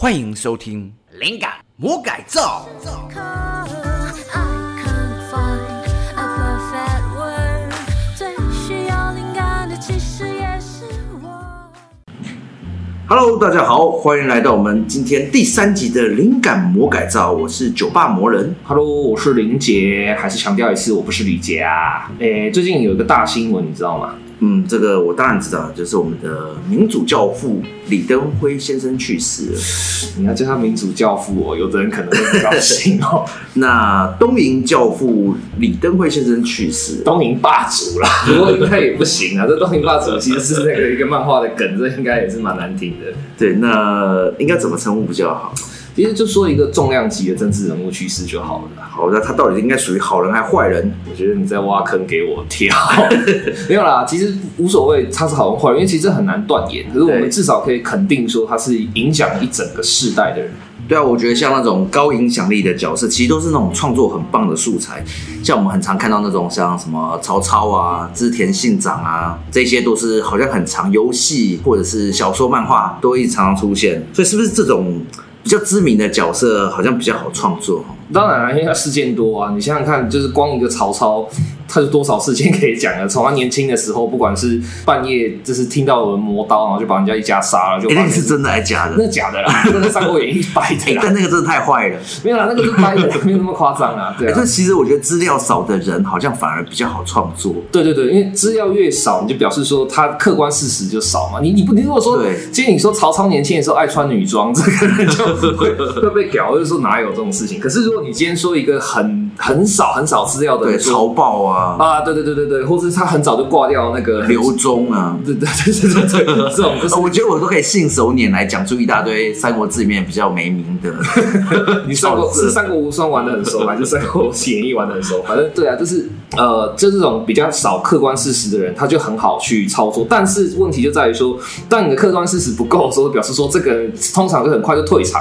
歡迎收聽《靈感魔改造》。Hello，大家好，歡迎來到我們今天第三集的《靈感魔改造》。我是酒吧魔人。Hello，我是靈捷，還是強調一次，我不是李杰啊。誒，最近有一個大新聞，你知道嗎？嗯，這個我當然知道，就是我們的民主教父李登輝先生去世了。你要叫他民主教父哦，有的人可能會不高興哦。 那東瀛教父李登輝先生去世，東瀛霸主啦。不過他也不行啊。 這東瀛霸主其實是那個一個漫畫的梗，這應該也是蠻難聽的。對，那應該怎麼稱呼比較好？其實就說一個重量級的政治人物去世就好了。好，那他到底應該屬於好人還是壞人？我覺得你在挖坑給我跳。 沒有啦，其實無所謂，他是好人壞人，因為其實很難斷言。可是我們至少可以肯定說他是影響一整個世代的人。對啊，我覺得像那種高影響力的角色，其實都是那種創作很棒的素材。像我們很常看到那種像什麼曹操啊、織田信長啊，這些都是好像很常遊戲或者是小說、漫畫都會常常出現。所以是不是這種比較知名的角色好像比較好創作。當然了、啊，因為他事件多啊！你想想看，就是光一個曹操，他有多少事件可以講啊？從他年輕的時候，不管是半夜就是聽到有人磨刀，然後就把人家一家殺了，就、欸、那是真的還是假的？那個，假的啦，那 是《三國演義》擺的。但那個真的太壞了，沒有啦，那個是擺的， 沒有那麼誇張啊。對、欸，但其實我覺得資料少的人，好像反而比較好創作。對對對，因為資料越少，你就表示說他客觀事實就少嘛。你你不你如果說，其實你說曹操年輕的時候愛穿女裝，這個就會會被屌，就是，說哪有這種事情？可是如果你今天說一個很很少很少資料的曹豹啊啊，對對對對啊，對對對對對，或者他很早就掛掉那個劉忠啊，對對，對對，這種這、就、種、是，我覺得我都可以信手拈來講出一大堆《三國志》裡面比較沒名的 你。你三國是三國無雙玩的很熟還是三國演義玩的很熟？ 反正對啊，就是呃，就這種比較少客觀事實的人，他就很好去操作。但是問題就在於說，當你的客觀事實不夠的時候，表示說這個通常就很快就退場。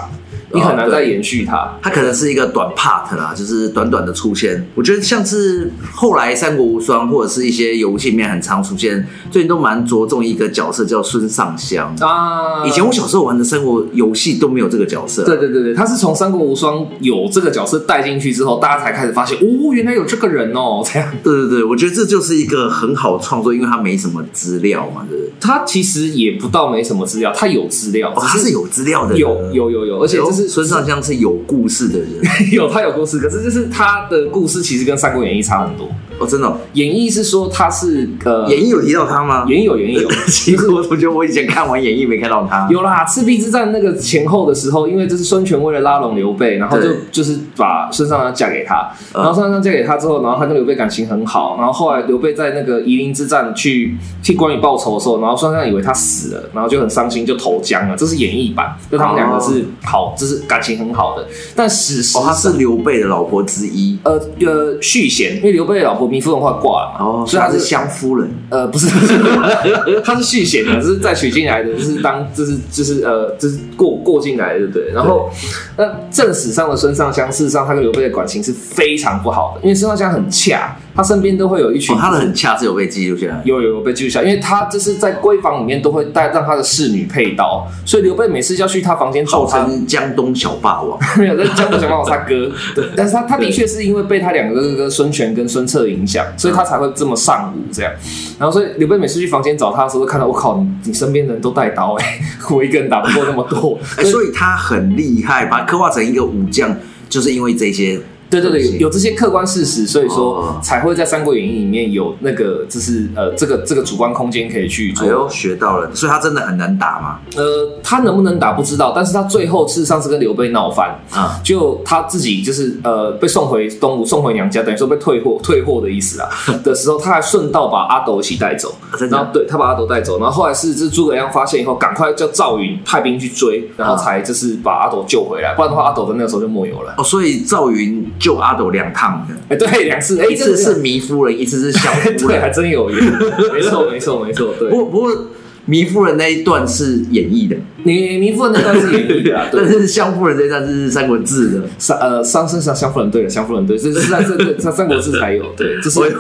你很難再延續它。哦，它可能是一個短 part 啦。啊，就是短短的出現。我覺得像是後來《三國無雙》或者是一些遊戲裡面很常出現，最近都蠻着重一個角色叫孫尚香啊。以前我小時候玩的《三國》遊戲都沒有這個角色。對對對對，他是從《三國無雙》有這個角色帶進去之後，大家才開始發現，哦，原來有這個人哦。對對對，我覺得這就是一個很好創作，因為他沒什麼資料嘛，對不對？他其實也不到沒什麼資料，他有資料，是哦，他是有資料的，有有有有，而且這是。是孫尚香是有故事的人 有，有他有故事，可是就是他的故事其實跟《三國演義》差很多。哦，真的，哦，演義是說他是呃，演義有提到他嗎？演義有，演義有。其實 是我我覺得我以前看完演義沒看到他。有啦，赤壁之戰那個前後的時候，因為這是孫權為了拉攏劉備，然後就就是把孫尚香嫁給他，然後孫尚香嫁給他之後，然後他跟劉備感情很好，然後後來劉備在那個夷陵之戰去替關羽報仇的時候，然後孫尚香以為他死了，然後就很傷心就投江了。這是演義版，哦，就他們兩個是好，就是感情很好的。但史實，哦、他是劉備的老婆之一，嗯、呃呃，續弦，因為劉備的老婆。糜夫人的話掛了、哦，所以他是湘夫人，呃，不是， 他是續弦，就 是再娶進來的，就是當，這、就是，這、就是，呃，這、就是過過進來，對不對？然後，那、呃、正史上的孫尚香，事實上他跟劉備的感情是非常不好的，因為孫尚香很恰。他身邊都會有一群、哦，他的很恰是有被記錄下來，有有有被記錄下，因為他就是在閨房裡面都會帶讓他的侍女配刀，所以劉備每次要去他房間找他，號稱江東小霸王， 沒有，是江東小霸王他哥， 對，對，但是他他的確是因為被他兩個哥哥孫權跟孫策影響，所以他才會這麼尚武這樣，然後所以劉備每次去房間找他的時候，看到、嗯、我靠你，你身邊人都帶刀哎、欸，我一個人打不過那麼多，欸、所以他很厲害，把他刻畫成一個武將，就是因為這些。對對對，對，有這些客觀事實，所以說才會在《三國演義》裡面有那個就是呃，這個這個主觀空間可以去做。我、哎、又學到了，所以他真的很能打嗎？呃，他能不能打不知道，但是他最後事實上是跟劉備鬧翻啊，就、嗯、他自己就是呃被送回東吳，送回娘家，等於說被退貨退貨的意思啊。 的時候，他還順道把阿斗一起帶走，啊、然後對他把阿斗帶走，然後後來是是諸葛亮發現以後，趕快叫趙雲派兵去追，然後才就是把阿斗救回來，嗯、不然的話阿斗在那個時候就沒有了。哦，所以趙雲。救阿斗兩趟的、哎、欸，對，兩次，欸、一次是糜夫人、欸一糜夫人欸，一次是小夫人，對，還真有緣，沒錯， 沒錯，沒錯，對。不不過。糜夫人那一段是演繹的，糜糜夫人那段是演繹的。但是湘夫人這一段是《三國志》的，三呃三是三湘夫人對的，湘夫人對，這是三三三三國志才有，對，所、就、以、是、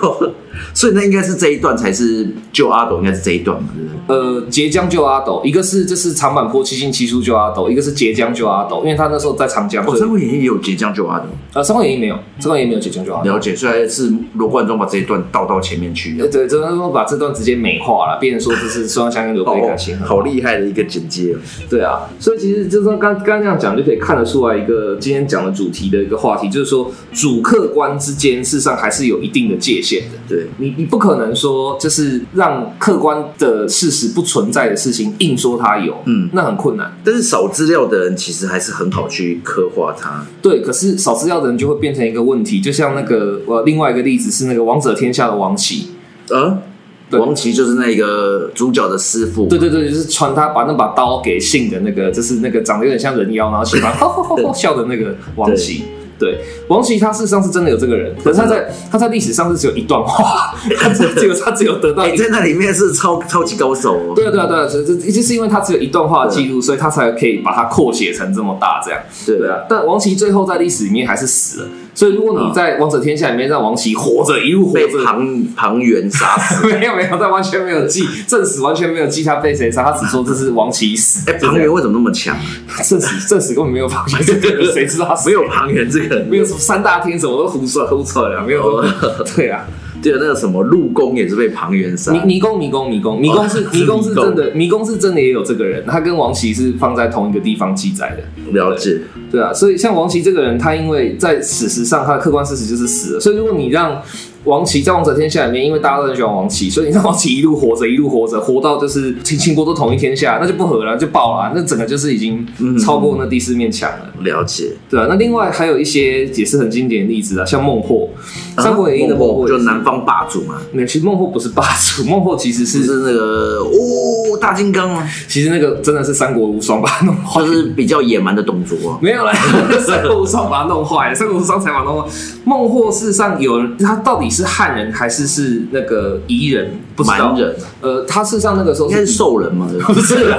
所以那應該是這一段才是救阿斗，應該是這一段是是呃，截江救阿斗，一個是這、就是長坂坡七進七出救阿斗，一個是截江救阿斗，因為他那時候在長江，我、哦《三國演義》也有截江救阿斗，呃，《三國演義》沒有，《三國演義》沒有截江救阿斗，了解，雖然是羅貫中把這一段倒到前面去的，對，對，只能說把這段直接美化了，變成說這是孫尚香。好，哦，好厲害的一個剪接啊！ 對啊，所以其實就說剛剛這樣講，就可以看得出來一個今天講的主題的一個話題，就是說主客觀之間事實上還是有一定的界限的。對你，你不可能說就是讓客觀的事實不存在的事情硬說它有，嗯，那很困難。但是少資料的人其實還是很好去刻畫它。對，可是少資料的人就會變成一個問題，就像那個呃，另外一個例子是那個《王者天下》的王騎，呃對，王騎就是那個主角的師傅，對對對，就是傳他把那把刀給信的那個，就是那個長得有點像人妖，然後喜歡哈哈笑的那個王騎對，對，王騎他事實上是真的有這個人，可是他在他在歷史上是只有一段話，他只有他只有得到在那裡面是超超級高手哦。對啊對啊對啊，所以這就是因為他只有一段話記錄，啊，所以他才可以把它擴寫成這麼大這樣。對啊，對啊，但王騎最後在歷史裡面還是死了。所以，如果你在王者天下裡面讓王琦活着，一路活着，被龐龐元殺死，死 沒有沒有，他完全沒有記正史，正史完全沒有記他被誰殺，他只說這是王琦死。哎、欸，龐元為什麼那麼強？正史正史根本沒有龐 元這個，誰知道沒有龐元這個？沒有三大天神我都胡說胡說了，沒 有對啊。那個什麼鹿公也是被龐元殺的迷，迷宮迷宮迷宮迷宮、哦、迷宮迷宮是迷宮是真的，迷宮是真的，也有這個人，他跟王琦是放在同一個地方記載的，了解，對啊，所以像王琦這個人，他因為在史實上他的客觀事實就是死了，所以如果你讓。王琦在《王者天下》裡面，因為大家都很喜歡王琦，所以你知道王琦一路活着，一路活着，活到就是秦秦國都統一天下，那就不合了，就爆了。那整個就是已經超過那第四面牆了，嗯嗯嗯。了解，對啊。那另外還有一些也是很經典的例子啊，像孟獲，啊《三國演義》的孟獲就南方霸主嘛。沒有，其實孟獲不是霸主，孟獲其實是、就是那個哦大金剛啊。其實那個真的是三國無雙把它弄壞，哦、就是比較野蠻的董卓、啊。沒有了，三國無雙把它弄壞了，三國無雙才把它弄壞。孟獲事實上有他到底，是漢人還是是那個彝人、蠻人？呃，他事實上那個時候是獸人，人嗎？ 不是啦，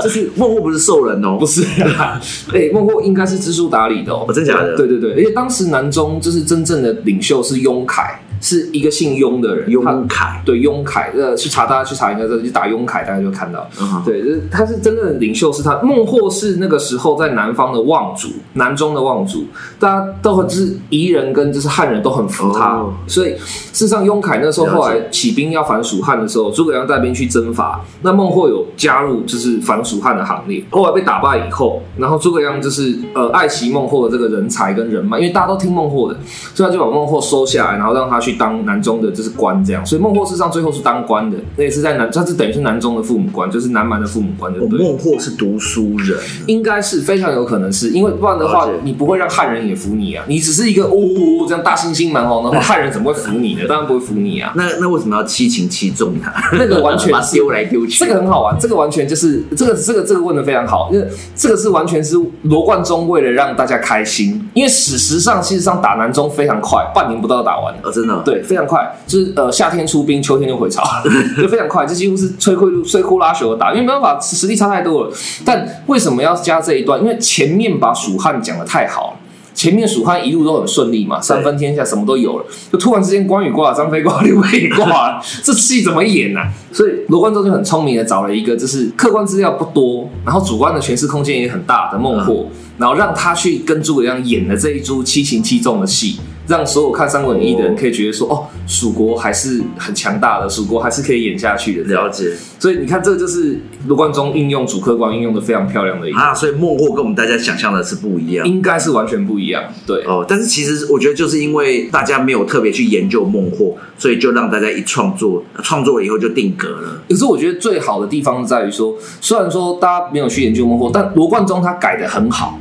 就是孟獲 不是獸人哦、喔，不是啦。哎、欸，孟獲應該是知書達理的、喔、哦，真的假的？對對對，而且當時南中就是真正的領袖是雍闓。是一個姓雍的人，雍凱，對雍凱，呃，去查，大家去查應該就去打雍凱，大家就看到。Uh -huh. 對，他是真正的領袖，是他孟獲是那個時候在南方的望族，南中的望族，大家都很、就是彝人跟就是漢人都很服他，oh. 所以事實上雍凱那時候後來起兵要反蜀漢的時候，諸葛亮帶兵去征伐，那孟獲有加入就是反蜀漢的行列，後來被打敗以後，然後諸葛亮就是呃愛惜孟獲的這個人才跟人脈，因為大家都聽孟獲的，所以他就把孟獲收下來，然後讓他去。當南中的就是官這樣，所以孟獲事實上最後是當官的，那也是在南，他是等於是南中的父母官，就是南蠻的父母官，的孟獲是讀書人，應該是非常有可能是，是因為不然的話，okay. 你不會讓漢人也服你啊，你只是一個嗚嗚、哦、這樣大猩猩蠻王的話，漢人怎麼會服你呢？當然不會服你啊。那那為什麼要七擒七縱他，啊？那個完全丟來丟去，這個很好玩，這個完全就是這個這個這個問得非常好，因為這個是完全是羅貫中為了讓大家開心，因為史實上事實上打南中非常快，半年不到打完，哦、真的。對，非常快，就是呃，夏天出兵，秋天就回朝。 就非常快，這幾乎是摧枯、摧枯拉朽的打，因為沒辦法，實力差太多了。但為什麼要加這一段？因為前面把蜀漢講的太好，前面蜀漢一路都很順利嘛，三分天下，什麼都有了，就突然之間關羽掛了，張飛掛，劉備掛了， 這戲怎麼演呢、啊？所以羅貫中就很聰明的找了一個就是客觀資料不多，然後主觀的詮釋空間也很大的孟獲、嗯，然後讓他去跟諸葛亮演了這一出七擒七縱的戲。讓所有看《三國演義》的人可以覺得說哦：“哦，蜀國還是很強大的，蜀國還是可以演下去的。”了解。所以你看，這個就是羅貫中應用主客觀應用的非常漂亮的一個。啊，所以孟獲跟我們大家想象的是不一樣，應該是完全不一樣。對哦，但是其實我覺得就是因為大家沒有特別去研究孟獲，所以就讓大家一創作創作了以後就定格了。可是我覺得最好的地方是在於說，雖然說大家沒有去研究孟獲，但羅貫中他改的很好。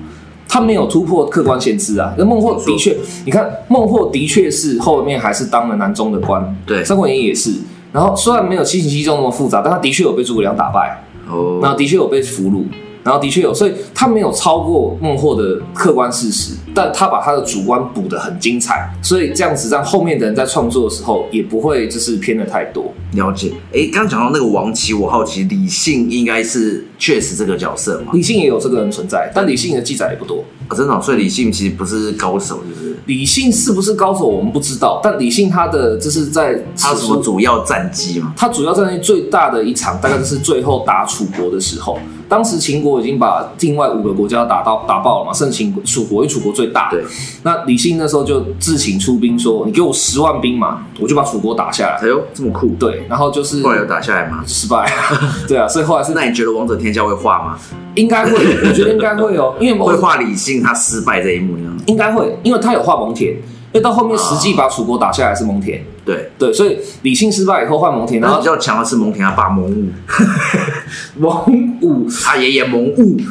他沒有突破客觀限制啊！那孟獲的確，你看孟獲的確是後面還是當了南中的官。對，《三國演義》也是。然後雖然沒有《七擒七縱》那麼複雜，但他的確有被諸葛亮打敗，那、哦、的確有被俘虜。然後的確有，所以他沒有超過孟獲的客觀事實，但他把他的主觀補得很精彩，所以這樣子讓後面的人在創作的時候也不會就是偏的太多。了解。哎，剛剛講到那個王琦，我好奇李信應該是確實這個角色嘛？李信也有這個人存在，但李信的記載也不多、哦、真的、哦，所以李信其實不是高手，就是李信是不是高手我們不知道，但李信他的就是在他什麼主要戰績嘛？他主要戰績最大的一場大概就是最後打楚國的時候。當時秦國已經把另外五個國家打到打爆了嘛，剩秦楚國，因為楚國最大。對，那李信那時候就自請出兵說，說你給我十萬兵馬，我就把楚國打下來。哎呦，這麼酷！對，然後就是後來有打下來嗎？失敗。對啊，所以後來是。 那你覺得《王者天下》會畫嗎？應該會，我覺得應該會哦，因為會畫李信他失敗這一幕呢。應該會，因為他有畫蒙恬，因為到後面實際把楚國打下來是蒙恬。啊嗯對,對所以李信失敗以後換蒙恬，然後比較強的是蒙恬他、啊、爸蒙武， 蒙武他爺爺蒙武。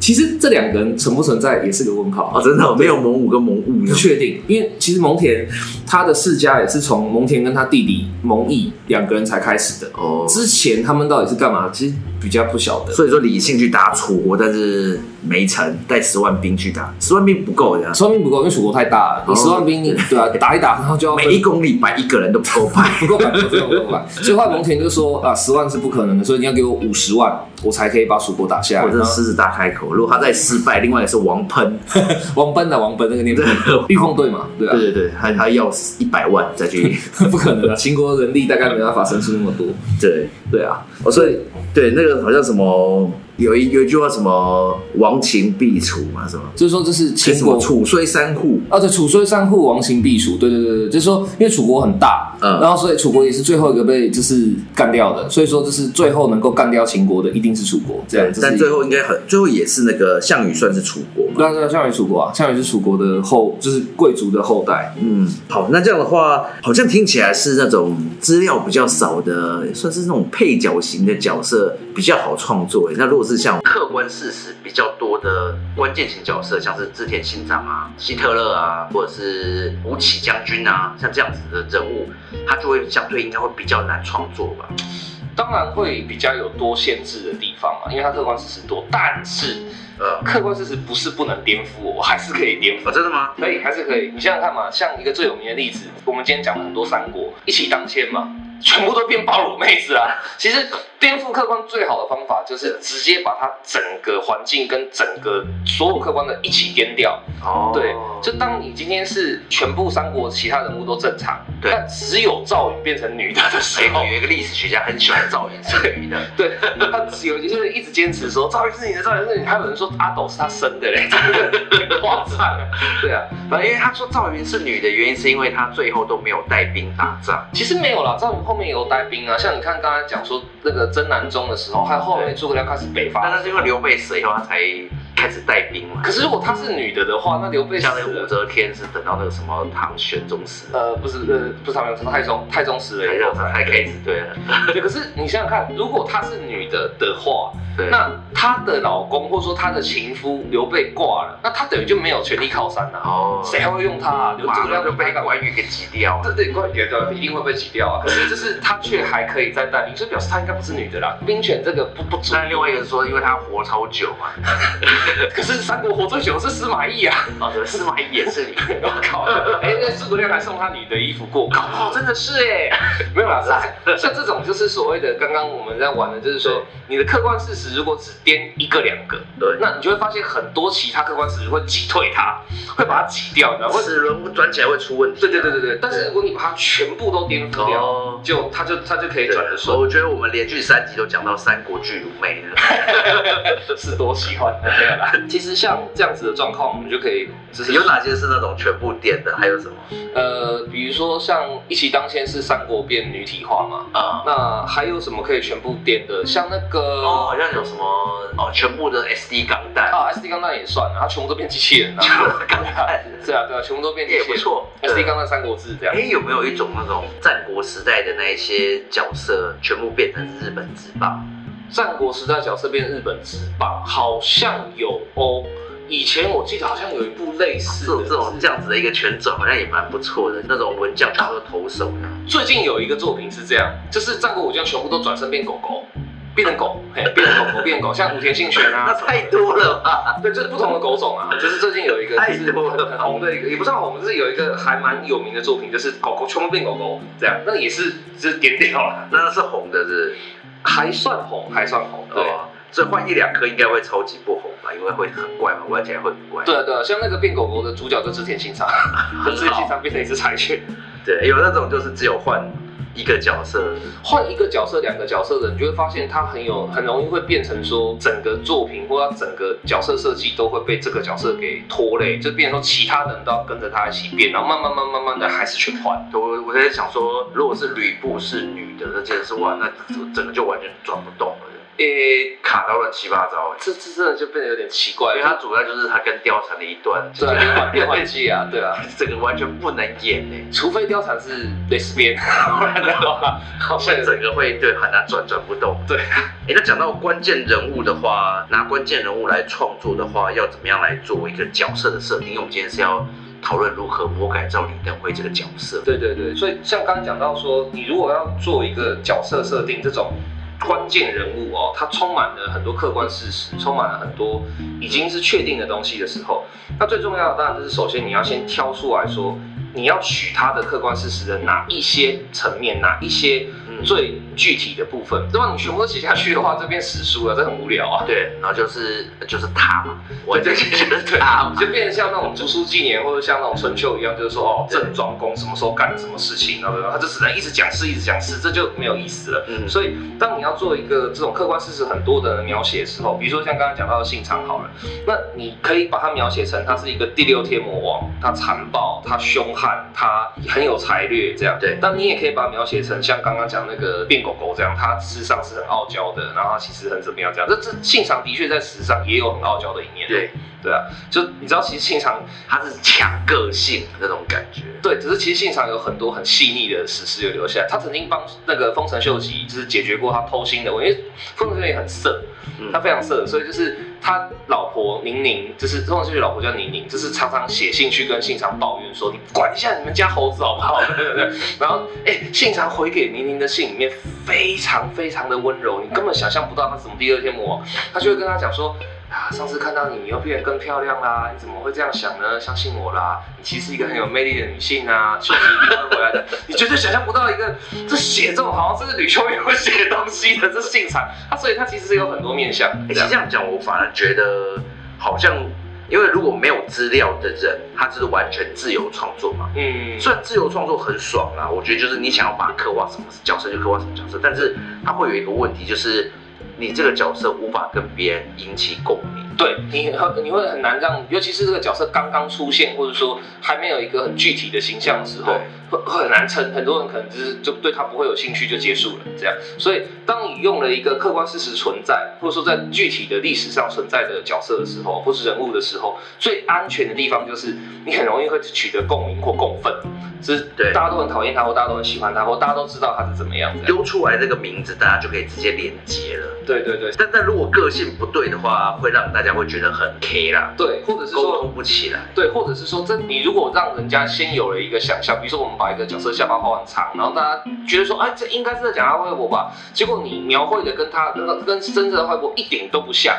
其實這兩個人存不存在也是個問號啊、哦！真的、哦、沒有蒙武跟蒙武，不確定。因為其實蒙恬他的世家也是從蒙恬跟他弟弟蒙毅兩個人才開始的哦。之前他們到底是幹嘛？其實比較不曉得。所以說李信去打楚國，但是。沒成，帶十萬兵去打，十萬兵不夠的，十萬兵不夠，因為蜀國太大了。哦、你十萬兵，對啊，打一打，然後就要每一公里排一個人都不夠排，不夠排，不夠排。 所以話，蒙恬就說啊，十萬是不可能的，所以你要給我五十萬，我才可以把蜀國打下來。哦、這獅子大開口，如果他再失敗，另外也是王噴， 王奔的、啊、王奔那個年代， 御空隊嘛，對啊，對對對，他要一百萬再去， 不可能的，秦國人力大概沒辦法生出那麼多，對。對啊，哦、所以對,對那個好像什麼有一有一句話什麼亡秦必楚嘛，什麼就是說這是秦國楚雖三戶，啊對，楚雖三戶，亡秦必楚，對對對對，就是說因為楚國很大，嗯，然後所以楚國也是最後一個被就是幹掉的，所以說這是最後能夠幹掉秦國的一定是楚國，這樣，嗯、這但最後應該很最後也是那個項羽算是楚國、嗯，對啊對項羽楚國啊，項羽是楚國的後就是貴族的後代，嗯，好，那這樣的話好像聽起來是那種資料比較少的，也算是那種。配角型的角色比較好創作。欸，那如果是像客觀事實比較多的關鍵型角色，像是織田信長啊、希特勒啊，或者是吳起將軍啊，像這樣子的人物，他就會相對應該會比較難創作吧？當然會比較有多限制的地方嘛，因為他客觀事實多，但是客觀事實不是不能顛覆我，我還是可以顛覆。呃，真的嗎？可以，還是可以。你現在看嘛，像一個最有名的例子，我們今天講了很多三國，一騎當千嘛。全部都變暴露妹子了！其實。顛覆客觀最好的方法就是直接把它整個環境跟整個所有客觀的一起顛掉。哦，對，就當你今天是全部三國其他人物都正常，對。但只有趙雲變成女的的時候，有一個歷史學家很喜歡趙雲是女的，對，他只有就是一直堅持說趙雲 是女的，趙雲是女的，還有人說阿斗是他生的嘞，很誇張。對啊，反正因為他說趙雲是女的原因是因為他最後都沒有帶兵打仗。嗯，其實沒有啦，趙雲後面有帶兵啊，像你看剛才講說那個。征南中的時候，他後面諸葛亮開始北伐，但是因為劉備死以後，他才開始帶兵了。可是如果她是女的的話，那劉備像那個武則天是等到那個什麼唐玄宗死了。呃，不是呃，不是唐玄宗，太宗太宗死哎。這樣子還可以是 Case, 對啊。 可是你想想看，如果她是女的的話，對那她的老公或者說他的情夫劉備掛了，那她等於就沒有權力靠山了哦。誰還會用她？馬上就被關羽給擠掉了。對對，快擠掉，一定會被擠掉啊。可是就是她卻還可以再帶兵，所以表示她應該不是女的啦。兵權這個不不。那另外一個人說，因為她活超久。嘛。可是三國活最久的是司馬懿啊，嗯！哦，司馬懿也是你，我 靠的！哎，欸，那諸葛亮還送他你的衣服過崗，哦，真的是哎，欸，沒有啦，像這種就是所謂的剛剛我們在玩的，就是說你的客觀事實如果只顛一個兩個，對，那你就會發現很多其他客觀事實會擠退他，會把它擠掉，然後齒輪轉起來會出問題，啊。對對對對對。但是如果你把它全部都顛掉，哦，就他就他就可以轉的順，我覺得我們連續三集都講到三國巨乳妹了， 是多喜歡。其實像這樣子的狀況，我們就可以就是有哪些是那種全部點的，還有什麼？呃，比如說像一騎當先是三國變女體化嘛，啊、嗯，那還有什麼可以全部點的？像那個哦，好像有什麼哦，全部的 SD 鋼彈啊，SD 鋼彈也算啊，它全部都變機器人了、啊。鋼彈 對啊，對啊，全部都變機器人，沒錯，SD 鋼彈三國志這樣。哎、欸，有沒有一種那種戰國時代的那一些角色，全部變成日本之霸？戰國時代角色變日本職棒，好像有哦。以前我記得好像有一部類似、啊、這種這樣子的一個全轉，好像也蠻不錯的，那種文將當個投手、啊、最近有一個作品是這樣，就是戰國武將全部都轉身變狗狗。變成狗，嘿，變成狗狗，變成狗，像武田信犬啊，那太多了吧，啊？對，就是不同的狗種啊，就是最近有一個是很，很，很紅的一個，也不算紅，就是有一個還蠻有名的作品，就是狗狗全部變狗狗這樣，那也是就是點掉了，那是紅的是，是還算紅，還算紅，對，啊對，所以換一兩顆應該會超級不紅吧，因為會很怪嘛，換起來會很怪。對啊對啊，對啊，像那個變狗狗的主角就，之前 就是織田信長，織田信長變成一隻柴犬，對，有那種就是只有換。一個角色換一個角色，兩個角色的，你就會發現他很有，很容易會變成說，整個作品或者整個角色設計都會被這個角色給拖累，就變成說其他人都要跟着他一起變，然後慢慢慢慢慢的還是去換。我我在想說，如果是呂布是女的，那真的是完了，那整個就完全轉不動了。誒、欸，卡到亂七八糟，這這真的就變得有點奇怪。因為它主要就是它跟貂蟬的一段變、就是、啊 對，對啊，這個完全不能演誒，除非貂蟬是蕾絲邊，不然的話，好 像 整個會，對很難轉，轉不動。對啊，哎、欸，那講到關鍵人物的話、嗯，拿關鍵人物來創作的話，要怎麼樣來做一個角色的設定？嗯、我們今天是要討論如何魔改造李登輝這個角色。對對對，所以像剛剛講到說，你如果要做一個角色設定這種。關鍵人物哦，他充滿了很多客觀事實，充滿了很多已經是確定的東西的時候，那最重要的當然就是首先你要先挑出來說，你要取他的客觀事實的哪一些層面，哪一些。最具體的部分，如果你全部都寫下去的話，這邊史書了，這很無聊啊。對，然後就是就是他嘛，我就覺得就是他嘛對啊、就是，就變得像那種《竹書紀年》或者像那種《春秋》一樣，就是說哦，鄭莊公什麼時候幹了什麼事情，然後他就只能一直講事，一直講事，這就沒有意思了。嗯，所以當你要做一個這種客觀事實很多的描寫的時候，比如說像剛剛講到的信長好了，那你可以把它描寫成他是一個第六天魔王，他殘暴，他兇悍，他很有才略這樣。對，但你也可以把它描寫成像剛剛講。那個變狗狗這樣，他事實上是很傲嬌的，然後他其實很怎麼樣這樣。這這信長的確在史上也有很傲嬌的一面。對對啊，就你知道，其實信長他是強個性的那種感覺。嗯、對，只是其實信長有很多很細膩的史詩留下來。他曾經幫那個豐臣秀吉就是解決過他偷腥的問題。豐臣秀吉很色，嗯、他非常色，所以就是。他老婆寧寧，就是這種，就是老婆叫寧寧，就是常常寫信去跟信長抱怨說：“你管一下你們家猴子好不好？”對對對。然後，哎、欸，信長回給寧寧的信裡面非常非常的溫柔，你根本想象不到他怎麼第二天魔王，他就會跟他講說。啊！上次看到你，你又變得更漂亮啦！你怎麼會這樣想呢？相信我啦，你其實是一個很有魅力的女性啊，一定會回來的。 你絕對想象不到一個，這 寫這種好像是女球員會寫東西的，這秀才。他、啊、所以他其實是有很多面相，欸。其實這樣講，我反而覺得好像，因為如果沒有資料的人，他就是完全自由創作嘛。嗯。雖然自由創作很爽啊，我覺得就是你想要把它刻畫什麼角色就刻畫什麼角色，但是他會有一個問題就是。你這個角色無法跟別人引起共鳴。對，你很你會很難讓，尤其是這個角色剛剛出現，或者說還沒有一個很具體的形象的時候，會很難稱，很多人可能就是就對他不會有興趣，就結束了這樣。所以當你用了一個客觀事實存在，或者說在具體的歷史上存在的角色的時候，或者是人物的時候，最安全的地方就是你很容易會取得共鳴或共憤，就是大家都很討厭他，或大家都很喜歡他，或大家都知道他是怎麼樣的。丟出來這個名字，大家就可以直接連接了。對對對。但但如果個性不對的話，會讓大大家會覺得很 K 啦，對，或者是溝通不起來，對，或者是說，這你如果讓人家先有了一個想象，比如說我們把一個角色下巴畫很長，然後大家覺得說，哎、啊，這應該是在講他輝伯吧？結果你描繪的跟他跟跟真正的輝伯一點都不像，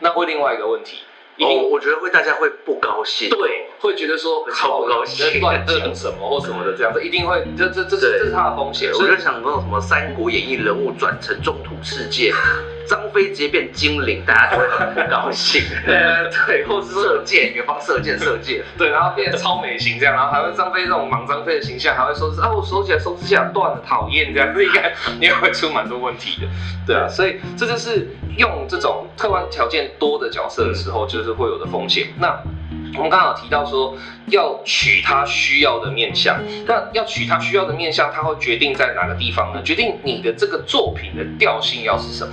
那會另外一個問題，一定、哦，我覺得會大家會不高興，對，會覺得說好不高興，亂講什麼 或什麼的這樣子，一定會，這這這對這是他的風險。我就想問，什麼三國演義人物轉成中土世界？ 張飛直接變精靈，大家就會很高興。 呃，對，或是射箭，遠方射箭，射箭。對，然後變超美型這樣，然後還會張飛這種莽張飛的形象，還會說是哦、啊，我收起來，收之下斷了，討厭這樣子，應該也會出蠻多問題的。對啊，所以這就是用這種客觀條件多的角色的時候，就是會有的風險。嗯、那我們剛好提到說要取他需要的面相，那要取他需要的面相，他會決定在哪個地方呢？決定你的這個作品的調性要是什麼？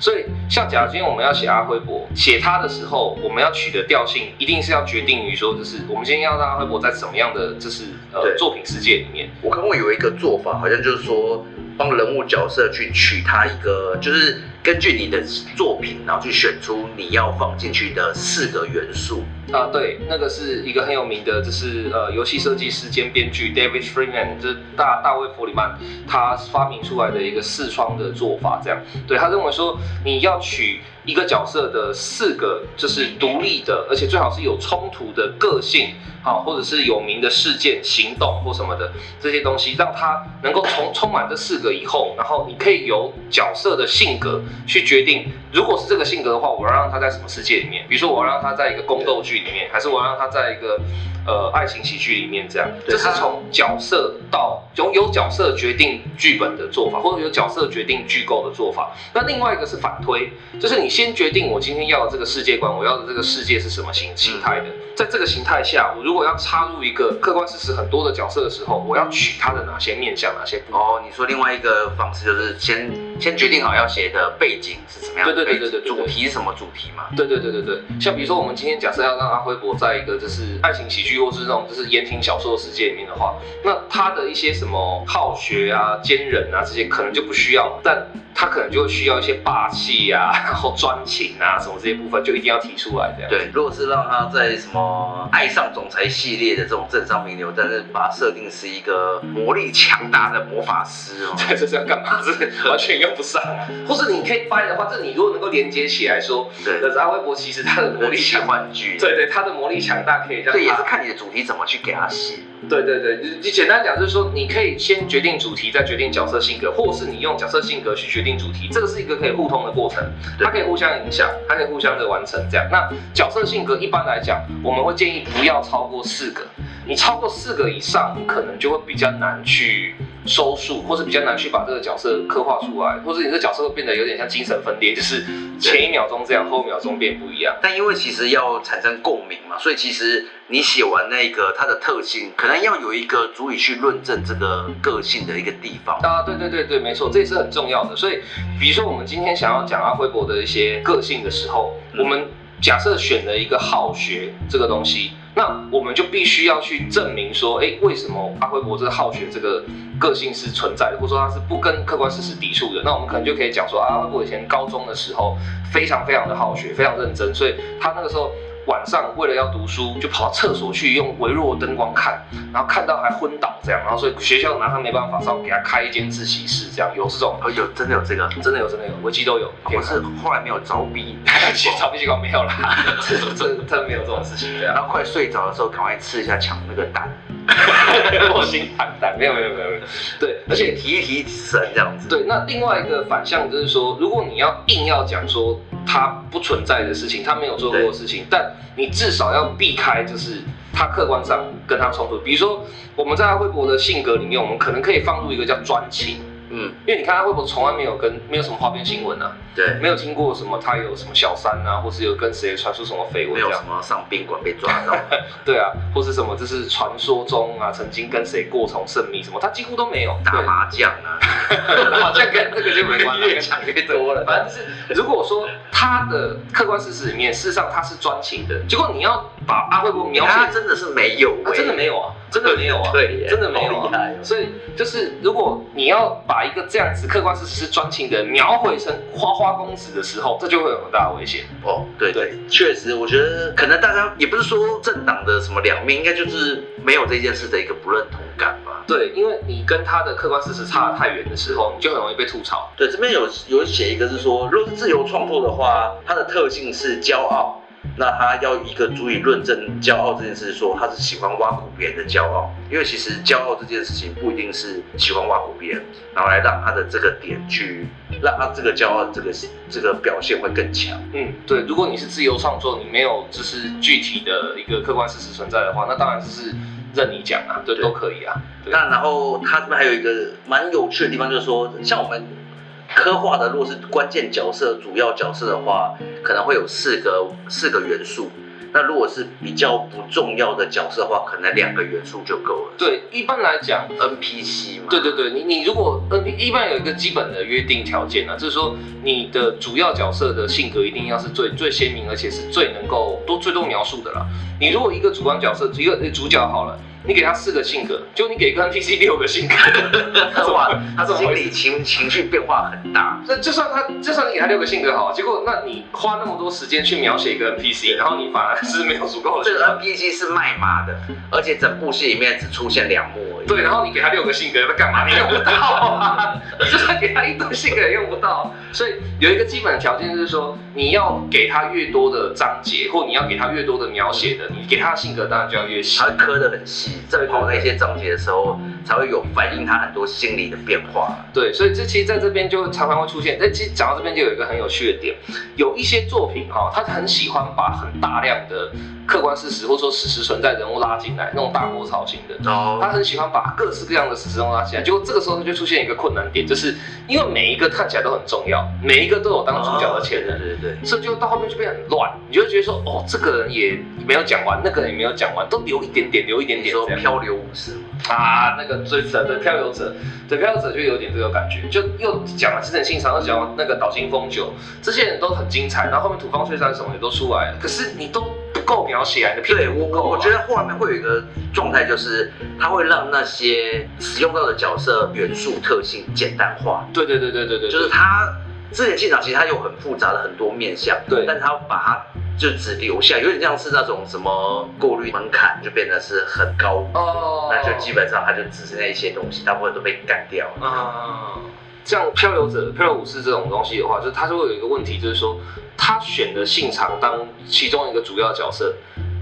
所以，像假如今天我們要寫阿輝伯，寫他的時候，我們要取的調性一定是要決定於說，就是我們今天要讓阿輝伯在什麼樣的，就是呃作品世界裡面。我剛剛有一個做法，好像就是說，幫人物角色去取他一個，就是。根據你的作品，然後去選出你要放進去的四個元素啊，對，那個是一個很有名的，就是呃，遊戲設計師兼編劇 David Freeman，就是大大衛弗里曼，他發明出來的一個四框的做法，這樣，對，他認為說，你要取一個角色的四個，就是獨立的，而且最好是有衝突的個性，好，或者是有名的事件、行動或什麼的這些東西，讓他能夠充充滿這四個以後，然後你可以由角色的性格。去決定，如果是這個性格的話，我要讓他在什麼世界裡面？比如說，我要讓他在一個宮鬥劇裡面，還是我要讓他在一個呃愛情喜劇裡面？這樣，這是從角色到有有角色決定劇本的做法，或者有角色決定劇構的做法。那另外一個是反推，就是你先決定我今天要的這個世界觀，我要的這個世界是什麼形形態的？在這個形態下，我如果要插入一個客觀事實很多的角色的時候，我要取他的哪些面向，哪些部分？哦，你說另外一個方式就是先。先決定好要寫的背景是什麼樣，對對對對對，主題是什麼主題嘛？對對對對對、對。像比如說，我們今天假設要讓阿輝伯在一個就是愛情喜劇，或是這種就是言情小說的世界裡面的話，那他的一些什麼好學啊、堅韌啊這些，可能就不需要。但他可能就會需要一些霸氣啊，然後專情啊什麼這些部分，就一定要提出來這樣。對，如果是讓他在什麼愛上總裁系列的這種政商名流，但是把他設定是一個魔力強大的魔法師哦、嗯嗯，這這是要幹嘛？這完全用不上、啊 嗯。或是你可以發白的話，這你如果能夠連接起來說，對。可是阿輝伯其實他的魔力是歡劇，對對，他的魔力強大可以這樣。對，也是看你的主題怎麼去給他寫。嗯對對對，就簡單講，就是說，你可以先決定主題，再決定角色性格，或是你用角色性格去決定主題，這個是一個可以互通的過程，它可以互相影響，它可以互相的完成這樣。那角色性格一般來講，我們會建議不要超過四個。你超過四個以上，你可能就會比較難去收束，或是比較難去把這個角色刻畫出來，或者你的角色會變得有點像精神分裂，就是前一秒鐘這樣，後一秒鐘變不一樣。但因為其實要產生共鳴嘛，所以其實你寫完那個它的特性，可能要有一個足以去論證這個個性的一個地方。啊，對對對對，沒錯，這也是很重要的。所以，比如說我們今天想要講阿輝伯的一些個性的時候，我們假設選了一個好學這個東西。那我們就必須要去證明說，哎，為什麼阿輝伯這個好學這個個性是存在的，或者說他是不跟客觀事實抵觸的，那我們可能就可以講說，阿輝伯以前高中的時候非常非常的好學，非常認真，所以他那個時候。晚上為了要讀書，就跑廁所去用微弱的燈光看，然後看到還昏倒這樣，然後所以學校拿他沒辦法，然後拿他沒辦法、嗯、給他開一間自習室這樣。有這種？哦、有真的有這個？真的有真的有？我記得有。我、哦啊、是後來沒有着逼着 逼習慣沒有了。真 真沒有這種事情這樣。那、啊、快睡着的時候，趕快吃一下搶那個蛋。臥薪嘗膽？沒有沒有沒有沒有。對，而且提一提神這樣子。對，那另外一個反向就是說，如果你要硬要講說他不存在的事情，他沒有做過的事情，但。你至少要避開，就是他客觀上跟他衝突。比如說，我們在他輝伯的性格裡面，我們可能可以放入一個叫專情，嗯，因為你看他輝伯從來沒有跟沒有什麼花邊新聞啊、嗯，對，沒有聽過什麼他有什麼小三啊，或是有跟誰傳出什麼緋聞，沒有什麼上賓館被抓到， 對啊，或是什麼就是傳說中啊，曾經跟誰過從甚密什麼，他幾乎都沒有打麻將啊，好像 跟這個就沒關係，越講， 越多了。反正就是如果說。他的客觀事實裡面，事實上他是專情的，結果你要。他、啊、會不會描寫？他真的是沒有，他、啊、真的沒有啊，真的沒有啊，對，對真的沒有、啊哦、所以就是，如果你要把一個這樣子客觀事實是專情的人描繪成花花公子的時候，這就會有很大的危險哦。對對，對，確實，我覺得可能大家也不是說政黨的什麼兩面，應該就是沒有這件事的一個不認同感吧。對，因為你跟他的客觀事實差得太遠的時候，你就很容易被吐槽。對，這邊有有寫一個是說，如果是自由創作的話，他的特性是驕傲。那他要一個足以論證驕傲這件事，說他是喜歡挖苦別人的驕傲，因為其實驕傲這件事情不一定是喜歡挖苦別人，然後來讓他的這個點去，讓他這個驕傲這個這個表現會更強。嗯，對。如果你是自由創作，你沒有就是具體的一個客觀事實存在的話，那當然就是任你講啊，對，對，都可以啊。對，那然後他這邊還有一個蠻有趣的地方，就是說像我們。刻畫的如果是關鍵角色，主要角色的話，可能會有四個四個元素。那如果是比較不重要的角色的話，可能兩個元素就夠了。對，一般來講，N P C 嘛。對對對，你你如果 N P 一般有一個基本的約定條件啊，就是說你的主要角色的性格一定要是最最鮮明，而且是最能夠都最多描述的啦。你如果一個主觀角，角色，一個、欸、主角好了。你給他四個性格，就你給一個 NPC 六個性格，他 怎麼？他怎麼？心理情 情緒變化很大。所以就算他，就算你給他六個性格好，結果那你花那麼多時間去描寫一個 NPC，然後你反而是沒有足夠的。這個 NPC 是賣馬的，而且整部戲裡面只出現兩幕而已。對，然後你給他六個性格那幹嘛？你用不到啊！ 就算給他一個性格也用不到。所以有一個基本的條件，就是說你要給他越多的章節，或你要給他越多的描寫的，你給他的性格當然就要越細，他刻的很細，在做在一些章節的時候、嗯，才會有反映他很多心理的變化。對，所以這其實在這邊就常常會出現。但其實講到這邊就有一個很有趣的點，有一些作品哈、哦，他很喜歡把很大量的。客觀事實，或者說事實存在人物拉進來那種大鍋炒型的、哦，他很喜歡把各式各樣的事實都拉進來。結果這個時候，他就出現一個困難點，就是因為每一個看起來都很重要，每一個都有當主角的潛力、哦。對對對，所以就到後面就變得很亂。你就會覺得說，哦，這個人也沒有講完，那個人也沒有講完，都留一點點，留一點點。說漂流武士啊，那個追者，的漂流者，對，漂流者就有點這個感覺，就又講了，之前信長都講了那個島津豐久、嗯，這些人都很精彩，然後後面土方歲三什麼也都出來了，可是你都。夠描寫的片，對我我覺得畫面會有一個狀態，就是它會讓那些使用到的角色元素、嗯、特性簡單化。對對對對對，對就是它之前現場，其實它有很複雜的很多面向，對，但是它把它就只留下，有點像是那種什麼過濾門檻就變得是很高哦、oh.，那就基本上它就只剩下一些東西，大部分都被幹掉了。Oh. 像《漂流者》、《漂流武士》這種東西的話，就是他就會有一個問題，就是說，他選了信長當其中一個主要角色，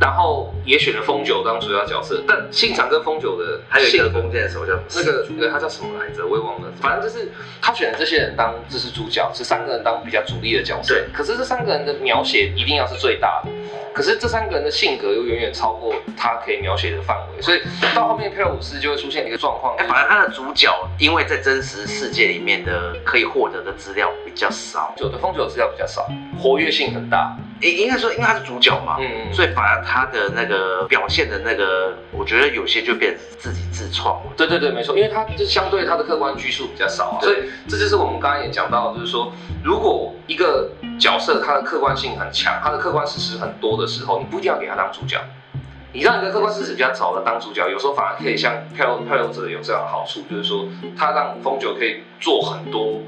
然後也選了豐久當主要角色，但信長跟豐久的還有一個弓箭手叫那個，那個他叫什麼來着？我也忘了。反正就是他選的這些人當，這是主角，這三個人當比較主力的角色。對。可是這三個人的描寫一定要是最大的。可是這三個人的性格又遠遠超過他可以描寫的範圍，所以到後面佩爾武士就會出現一個狀況，欸。反而他的主角因為在真實世界裡面的可以獲得的資料比較少，酒的封酒的資料比較少，活躍性很大。欸、應該說，因為他是主角嘛、嗯，所以反而他的那個表現的那個，我覺得有些就變自己自創了。對對對，沒錯，因為他是相對他的客觀拘束比較少、啊，所以這就是我們剛剛也講到，就是說，如果一個角色他的客觀性很強，他的客觀事實很多的時候，你不一定要給他當主角，你讓你的客觀事實比較少的當主角，有時候反而可以像漂《漂流者》有這樣的好處，就是說，他讓豐久可以做很多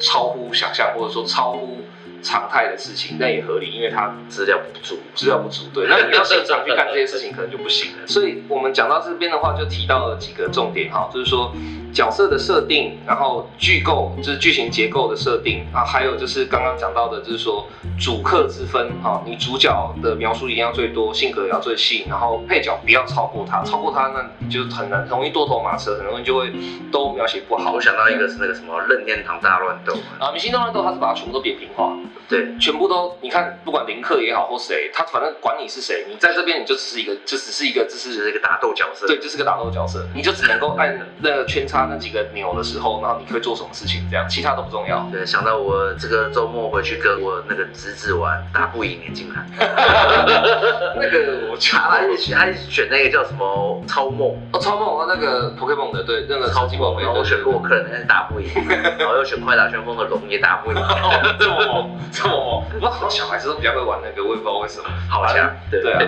超乎想象，或者說超乎。常態的事情，那也合理，因為他資料不足，資料不足。對。那你要經常去幹這些事情， 可能就不行了。 所以我們講到這邊的話，就提到了幾個重點哈，就是說。角色的設定，然後劇構就是劇情結構的設定啊，還有就是剛剛講到的，就是說主客之分哈，你主角的描述一定要最多，性格也要最細，然後配角不要超過他，嗯、超過他那就很難，容易多頭馬車，很容易就會都描寫不好。我想到一個是那個什麼《任天堂大亂鬥》啊，《明星大亂鬥》，他是把它全部都扁平化，對，全部都你看，不管林克也好或誰，他反正管你是誰，你在這邊你就只是一個，就只是一個，只是一個打鬥角色，對，這、就是個打鬥角色， 你就只能夠按那個圈叉那幾個扭的時候，然後你會做什麼事情？這樣，其他都不重要。對，想到我這個周末回去跟我那個侄子玩，打不贏你鏡男。 那個我、啊，他一起，他選那個叫什麼超夢哦，超夢啊，那個 Pokémon 的、嗯，對，那個超級夢美。然後我選洛克人，但是打不贏。然後又選快打旋風的龍也打不贏。這麼猛，這麼猛。不過小孩子都比較會玩那、欸、個，我也不知道為什麼，好強。對啊，哎、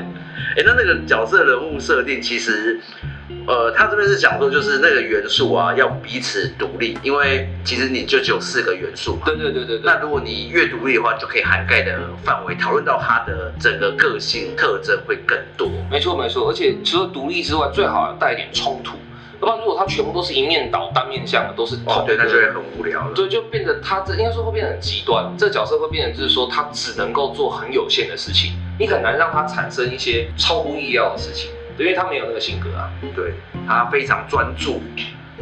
欸，那那個角色人物設定其實。呃，他這邊是講說，就是那個元素啊，要彼此獨立，因為其實你就只有四個元素嘛。對對對對，對。那如果你越獨立的話，就可以涵蓋的範圍，討、嗯、論到他的整個個性特徵會更多。沒錯沒錯，而且除了獨立之外，最好要帶一點衝突。那麼如果他全部都是一面倒、單面向的，都是、哦、對，那就會很無聊了。對，就變得他這應該說會變得很極端，這個、角色會變成就是說他只能夠做很有限的事情，你很難讓他產生一些超乎意料的事情。因為他沒有那個性格啊，對，他非常專注，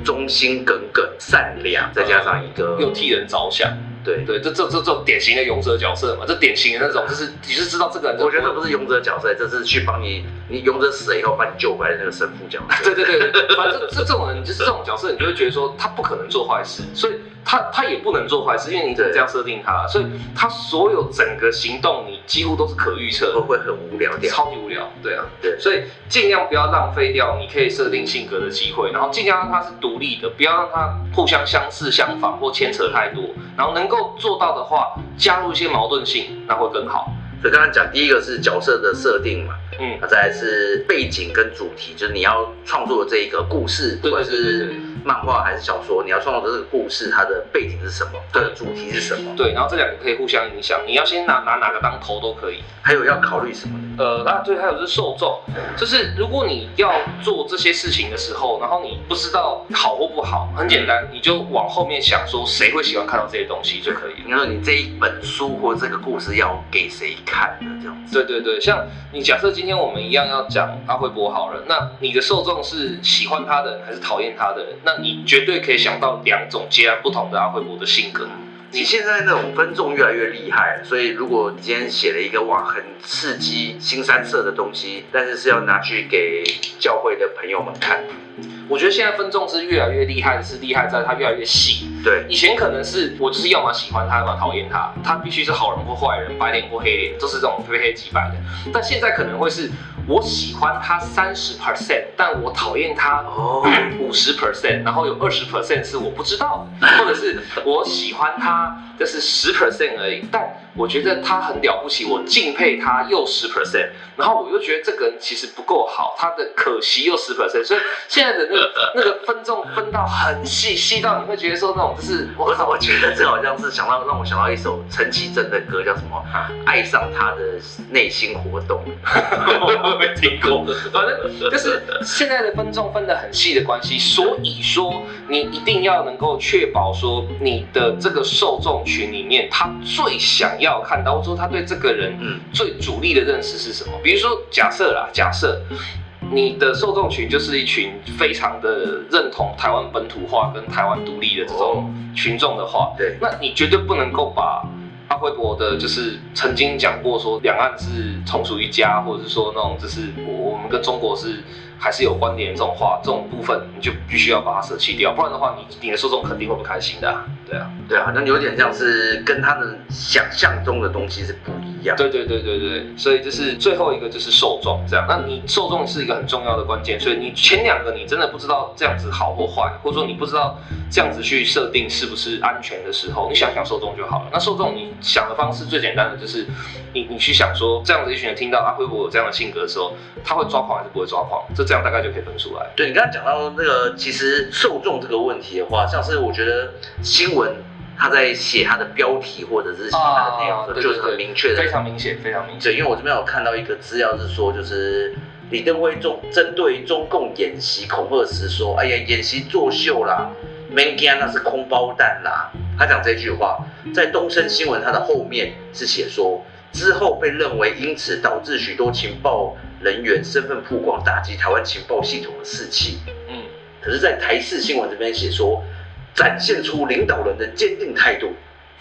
忠心耿耿，善良，嗯，再加上一個又替人着想，對對，這這這這種典型的勇者角色嘛，這典型的那種 是就是你是知道這個人，我覺得這不是勇者角色，這是去幫你你勇者死了以後把你救回來的那個神父角色，對對對， 反正這這這種人就是這種角色，你就會覺得說他不可能做壞事， 所以。他他也不能做壞事，因為你這樣設定他，所以他所有整個行動你幾乎都是可預測，會不會很無聊掉？超級無聊，對啊，對，所以盡量不要浪費掉你可以設定性格的機會，然後盡量讓他是獨立的，不要讓他互相相似相仿或牽扯太多，然後能夠做到的話，加入一些矛盾性，那會更好。所以剛才講第一個是角色的設定嘛，嗯，那再來是背景跟主題，就是你要創作的這一個故事對、對、對、對、對。漫畫還是小說，你要創作的這個故事，它的背景是什麼？它的主題是什麼？對，然後這兩個可以互相影響。你,你要先拿拿哪個當頭都可以。還有要考慮什麼呢？呃，啊，對，還有就是受眾，就是如果你要做這些事情的時候，然後你不知道好或不好，很簡單，你就往後面想說誰會喜歡看到這些東西就可以了。你說你這一本書或這個故事要給誰看的這樣子？對對對，像你假設今天我們一樣要講阿輝伯好了，那你的受眾是喜歡他的人還是討厭他的人？那你絕對可以想到兩種截然不同的阿輝伯的性格。你現在那種分眾越來越厲害，所以如果你今天寫了一個哇很刺激、腥羶色的東西，但是是要拿去給教會的朋友們看，我覺得現在分眾是越來越厲害，是厲害在他越來越細。對，以前可能是我就是要麼喜歡他，要麼討厭他，他必須是好人或壞人，白臉或黑臉，都是這種非黑即白的。但現在可能會是，我喜歡他三十 percent，但我討厭他五十 percent，然後有二十 percent 是我不知道，或者是我喜歡他，就是十 percent 而已，但。我覺得他很了不起，我敬佩他又十 percent，嗯、然後我又覺得這個人其實不夠好，他的可惜又十 percent，所以現在的那個 那個分眾分到很細，細到你會覺得說那種就是我怎麼覺得這好像是想到讓我 想到一首陳綺貞的歌，叫什麼《愛上他的內心活動，》 我沒聽過， 反正就是現在的分眾分得很細的關係，所以說你一定要能夠確保說你的這個受眾群裡面他最想要。要看到我說他對這個人最主力的認識是什麼？比如說，假設啦，假設你的受眾群就是一群非常的認同台灣本土化跟台灣獨立的這種群眾的話，對、哦，那你絕對不能夠把阿輝伯的，就是曾經講過說兩岸是同屬一家，或者是說那種就是我我們跟中國是，還是有觀點這種話，這種部分你就必須要把它捨棄掉，不然的話你，你你的受眾肯定會不開心的、啊，對啊，對啊，那有點像是跟他們想象中的東西是不一樣，對對對對對，所以就是最後一個就是受眾這樣，那你受眾是一個很重要的關鍵，所以你前兩個你真的不知道這樣子好或壞，或者說你不知道這樣子去設定是不是安全的時候，你想想受眾就好了。那受眾你想的方式最簡單的就是你，你你去想說，這樣子一群人聽到阿輝伯有這樣的性格的時候，他會抓狂還是不會抓狂？這這樣大概就可以分出來。對你剛才講到那個，其實受眾這個問題的話，像是我覺得新聞他在寫他的標題或者是寫他的內容，哦，就是很明確的，哦對對對，非常明顯，非常明顯。對，因為我這邊有看到一個資料是說，就是李登輝中針對於中共演習恐嚇時說：“哎呀，演習作秀啦，免驚啦，那是空包彈啦。”他講這句話，在東森新聞它的後面是寫說，之後被認為因此導致許多情報。人員身份曝光，打擊台灣情報系統的士氣。嗯，可是，在台視新聞這邊寫說，展現出領導人的堅定態度。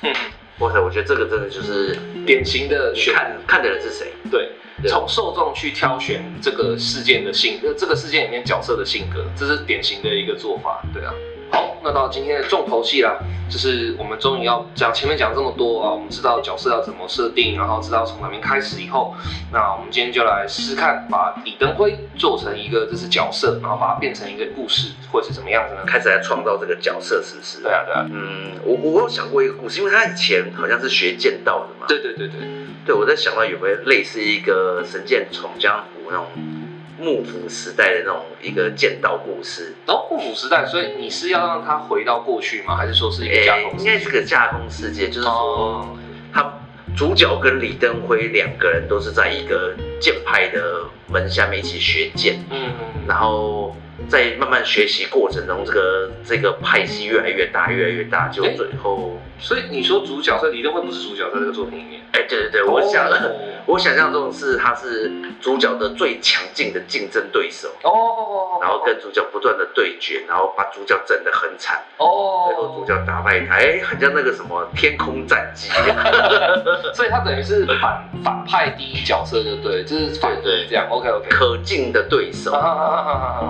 嗯，哇塞，我覺得這個真的就是典型的，看看的人是誰？對，從受眾去挑選這個事件的性格，這個事件裡面角色的性格，這是典型的一個做法。對啊。好，那到今天的重頭戲啦，就是我們終於要講，前面講這麼多啊，我們知道角色要怎麼設定，然後知道從哪邊開始以後，那我們今天就來試看，把李登輝做成一個就是角色，然後把它變成一個故事或是怎麼樣子呢？開始來創造這個角色是不是？對啊對啊，嗯，我我有想過一個故事，因為他以前好像是學劍道的嘛。對對對對，對，我在想到有沒有類似一個神劍闖江湖那種。幕府時代的那種一個劍道故事。哦，幕府時代，所以你是要讓他回到過去嗎？嗯、還是說是一個架空？應該是個架空世界，就是說、嗯、他主角跟李登輝兩個人都是在一個劍派的門下面一起學劍。嗯，然後。在慢慢學習過程中，這個這個派系越來越大，越來越大，就最後。欸、所以你說主角在李登輝不是主角在這個作品裡面？哎、欸，對對對，我想了、oh. 呃，我想象中是他是主角的最強勁的競爭對手哦，oh. 然後跟主角不斷的對決，然後把主角整得很慘哦，oh. 最後主角打敗他，哎、欸，很像那個什麼天空戰機， 所以他等於是反反派第一角色就對，就是對對這樣，對對對這樣，OK OK 可敬的對手，反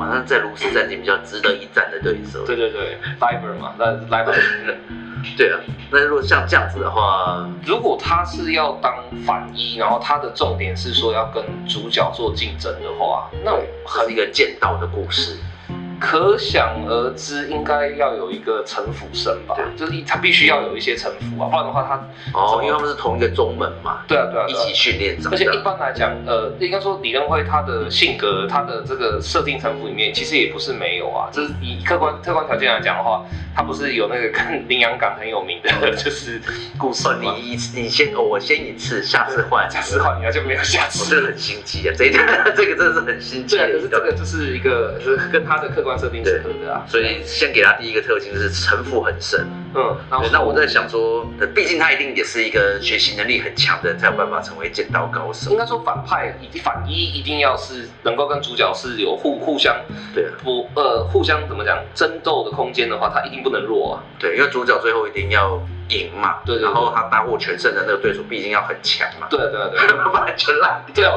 正這。啊啊啊盧斯戰役比較值得一戰的對手，對對對，Liber 嘛，那 Liber，對啊，那如果像這樣子的話，如果他是要當反一，然後他的重點是說要跟主角做競爭的話，那我和一個劍道的故事。嗯可想而知，應該要有一個城府深吧，對就是他必須要有一些城府啊，不然的話他哦，因為他們是同一個宗門嘛，對啊對啊，對啊，對啊，一起訓練麼而且一般來講，嗯，呃，應該說李登輝他的性格，他的這個設定城府裡面其實也不是沒有啊。就是以客觀客、嗯、觀條件來講的話，他不是有那個跟林洋港很有名的、嗯、 就是故事、哦、你一你你先，我先一次，下次換，下次換你啊，就沒有下次。我、哦這個、很心機啊，這一這個真的是很心機。對啊，可是這個就是一個 是跟他的客。對，所以先給他第一個特性就是城府很深。嗯嗯，那那我在想說，畢竟他一定也是一個學習能力很強的人，才有辦法成為劍道高手。應該說反派以及反一一定要是能夠跟主角是有互互相、啊呃、互相，對，不呃互相怎麼講爭鬥的空間的話，他一定不能弱啊。對，因為主角最後一定要贏嘛。對，對，對，然後他大獲全勝的那個對手，畢竟要很強嘛。對、啊、對、啊、對、啊 不就對啊，不然爛，對，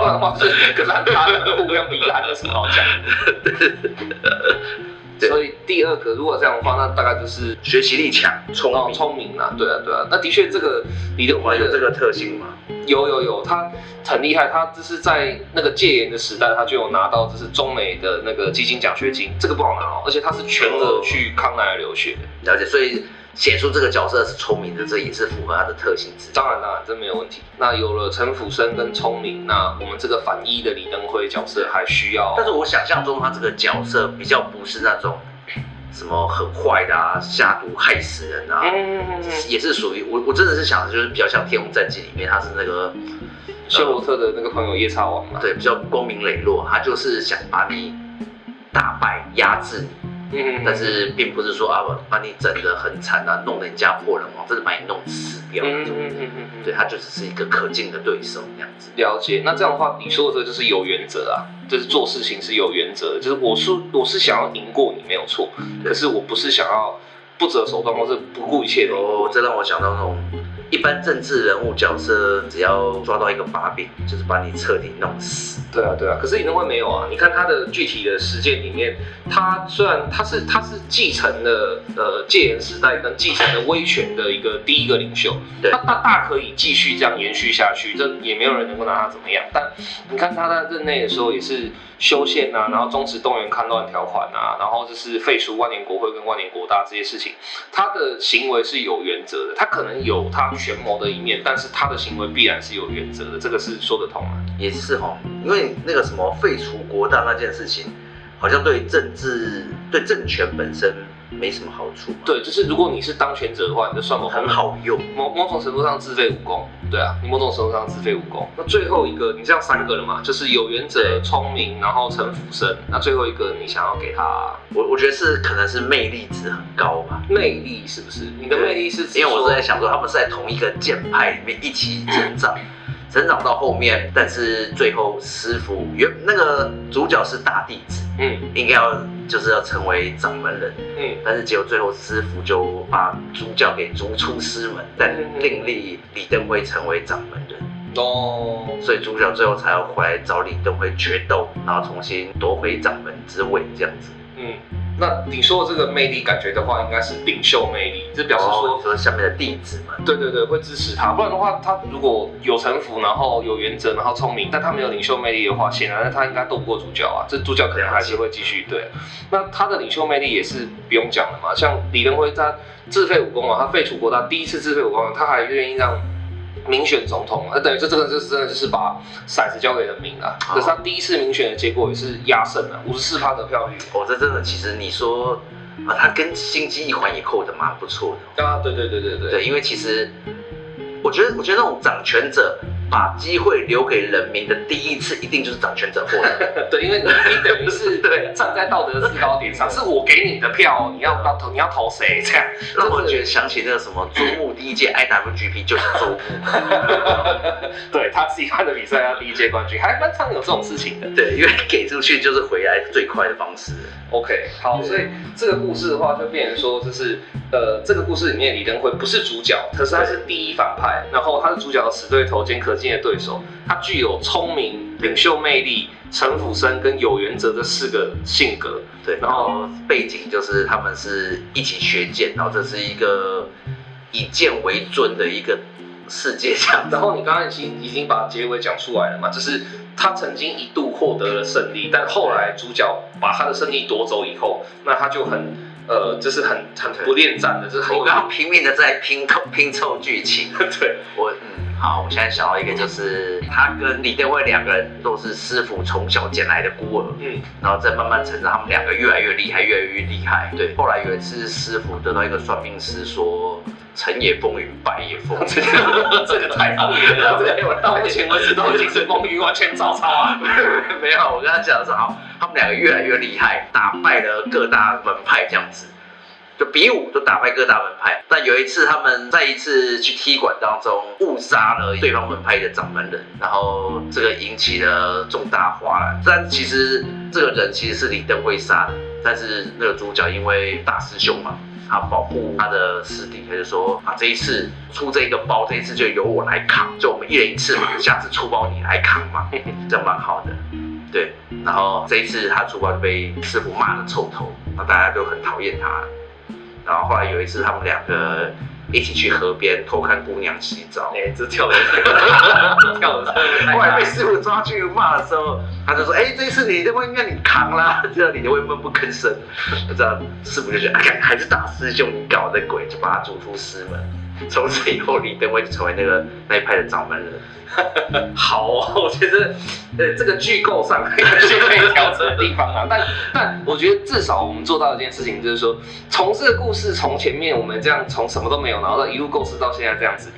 不然話是個爛渣子，互相比爛有什麼好講的。所以第二個，如果這樣的話，那大概就是學習力強、聰聰明啦、哦啊，對啊，對啊。那的確，這個李登輝有這個特性嗎？有有有，他很厲害。他就是在那個戒嚴的時代，他就有拿到就是中美的那個基金獎學金，嗯、這個不好拿哦。而且他是全額去康奈爾留學，了解。所以。寫出這個角色是聰明的，這也是符合他的特性。當然，當然，啊，這沒有問題。那有了陳輔生跟聰明，那我們這個反一的李登輝角色還需要，哦。但是我想象中他這個角色比較不是那種什麼很壞的啊，下毒害死人啊。嗯嗯嗯嗯也是屬於我，我真的是想的就是比較像《天龍戰記》裡面他是那個修羅特的那個朋友夜叉王嘛，呃。對，比較光明磊落，他就是想把你打敗、壓制你。嗯，但是並不是說啊，把、啊、你整得很慘啊，弄得家破人亡，真的把你弄死掉的。嗯嗯嗯，嗯，嗯對，他就只是一個可敬的對手這樣子。了解，那這樣的話，你說的這個就是有原則啊，就是做事情是有原則，就是我是我是想要贏過你沒有錯，可是我不是想要不擇手段或者不顧一切的一。哦，這讓我想到那種。一般政治人物角色，只要抓到一個把柄，就是把你徹底弄死。對啊，對啊。可是李登輝沒有啊？你看他的具體的實踐裡面，他雖然他是他是繼承了呃戒嚴時代跟繼承了威權的一個第一個領袖，對。他大可以繼續這樣延續下去，這也沒有人能夠拿他怎麼樣。但你看他在任內的時候，也是修憲啊，然後終止動員戡亂條款啊，然後就是廢除萬年國會跟萬年國大這些事情，他的行為是有原則的，他可能有他。權謀的一面，但是他的行為必然是有原則的，這個是說得通啊。也是哦。因為那個什麼廢除國大那件事情，好像對政治對政權本身沒什麼好處。對，就是如果你是當權者的話，你的算謀很好用，某某種程度上自廢武功。對啊，你某種程度上自廢武功。那最後一個，你這樣三個了嘛？就是有緣者聰明、嗯，然後城府深。那最後一個，你想要給他，我我覺得是可能是魅力值很高吧？魅力是不是？你的魅力是指？因為我是在想說，他們是在同一個劍派裡面一起成長。 成長到後面，但是最後師傅原那個主角是大弟子，嗯，應該要就是要成為掌門人，嗯，但是結果最後師傅就把主角給逐出師門、嗯，但另立李登輝成為掌門人，哦、嗯，所以主角最後才要回來找李登輝決鬥，然後重新奪回掌門之位，這樣子，嗯。那你說的這個魅力感覺的話，應該是領袖魅力，這表示說下面的弟子們，對對對，會支持他。不然的話，他如果有城府，然後有原則，然後聰明，但他沒有領袖魅力的話，顯然他應該鬥不過主角啊。這主角可能還是會繼續對，對。那他的領袖魅力也是不用講的嘛。像李登輝他自廢武功啊，他廢除國他第一次自廢武功，他還願意讓。民選總統，啊，等於這個，就是真的，就是把骰子交給人民了，啊。可是他第一次民選的結果也是壓勝了，五十四趴的票率。哦，這真的，其實你說啊，他跟新機一環一扣的，蠻不錯的。啊，對對對對對。對，因為其實我覺得，我覺得那種掌權者。把機會留給人民的第一次，一定就是掌權者獲得。 對，因為你等於是對站在道德的制高點上， 是我給你的票，嗯、你要要投，你要投誰？這樣，就是、讓我覺得想起那個什麼，豬木 第一屆 I W G P 就是豬木。 對，他自己看的比賽啊，第一屆冠軍還蠻常有這種事情的。對，因為給出去就是回來最快的方式。OK，好，嗯、所以這個故事的話，就變成說，就是呃，這個故事裡面李登輝不是主角，可是他是第一反派，然後他是主角的死對頭兼可劍的對手，他具有聰明、領袖魅力、城府深跟有原則的四個性格。對，然後背景就是他們是一起學劍，然後這是一個以劍為準的一個世界上。 然後你剛剛已經已經把結尾講出來了嘛？就是他曾經一度獲得了勝利，但後來主角把他的勝利奪走以後，那他就很呃，就是很，很不戀戰的，就是我剛剛拼命的在拼拼湊劇情。對我。嗯好，我現在想到一個，就是、嗯、他跟李登輝兩個人都是師傅從小撿來的孤兒，嗯，然後再慢慢成長，他們兩個越來越厲害，越來越厲害。對，後來有一次師傅得到一個算命師說、嗯，成也風雲，敗也風雲， 這個太才好， 這個、 到目前為止 都已經是風雲，完全照抄啊。 沒有，我跟他講的是好，他們兩個越來越厲害，打敗了各大門派這樣子。就比武都打敗各大門派，但有一次他們在一次去踢館當中誤殺了對方門派的掌門人，然後這個引起了重大嘩然。但其實這個人其實是李登輝殺的，但是那個主角因為大師兄嘛，他保護他的師弟，他就說啊，這一次出這一個包，這一次就由我來扛，就我們一人一次嘛，下次出包你來扛嘛，呵呵這樣蠻好的。對，然後這一次他出包就被師傅罵了臭頭，那大家就很討厭他了。然後後來有一次，他們兩個一起去河邊偷看姑娘洗澡，哎、欸，這跳的， 跳的時候後來被師傅抓去罵的時候，他就說：“哎、欸，這一次你就會應該你扛啦，這樣你就會悶不吭聲，這樣師傅就覺得，哎、啊，還是大師兄搞的鬼，就把他逐出師門。從此以後，李登輝就成為那個那一派的掌門人。 好、哦，我覺得，呃、這個劇構上是可以調整的地方啊。 但但我覺得至少我們做到一件事情，就是說，從這個故事從前面我們這樣從什麼都沒有，然後到一路構思到現在這樣子，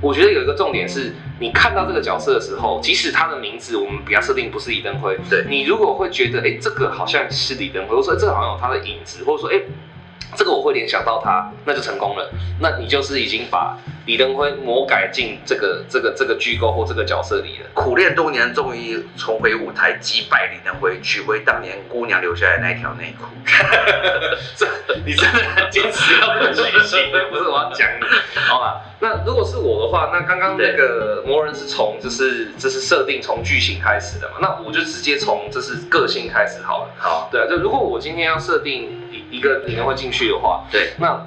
我覺得有一個重點是，你看到這個角色的時候，即使他的名字我們不要設定不是李登輝，對你如果會覺得，哎、欸，這個好像是李登輝，或者說這個好像有他的影子，或者說，哎、欸。這個我會聯想到他，那就成功了。那你就是已經把李登輝魔改進這個、這個、這個劇構或這個角色裡了。苦練多年，終於重回舞台，擊敗李登輝，取回當年姑娘留下來的那一條內褲。 你真的很堅持，要這個劇情，不是我要講你。好吧，那如果是我的話，那剛剛那個魔人是從就是這是設定從劇情開始的嘛？那我就直接從這是個性開始好了。好，對啊，就如果我今天要設定。一個李登輝會進去的話，對，那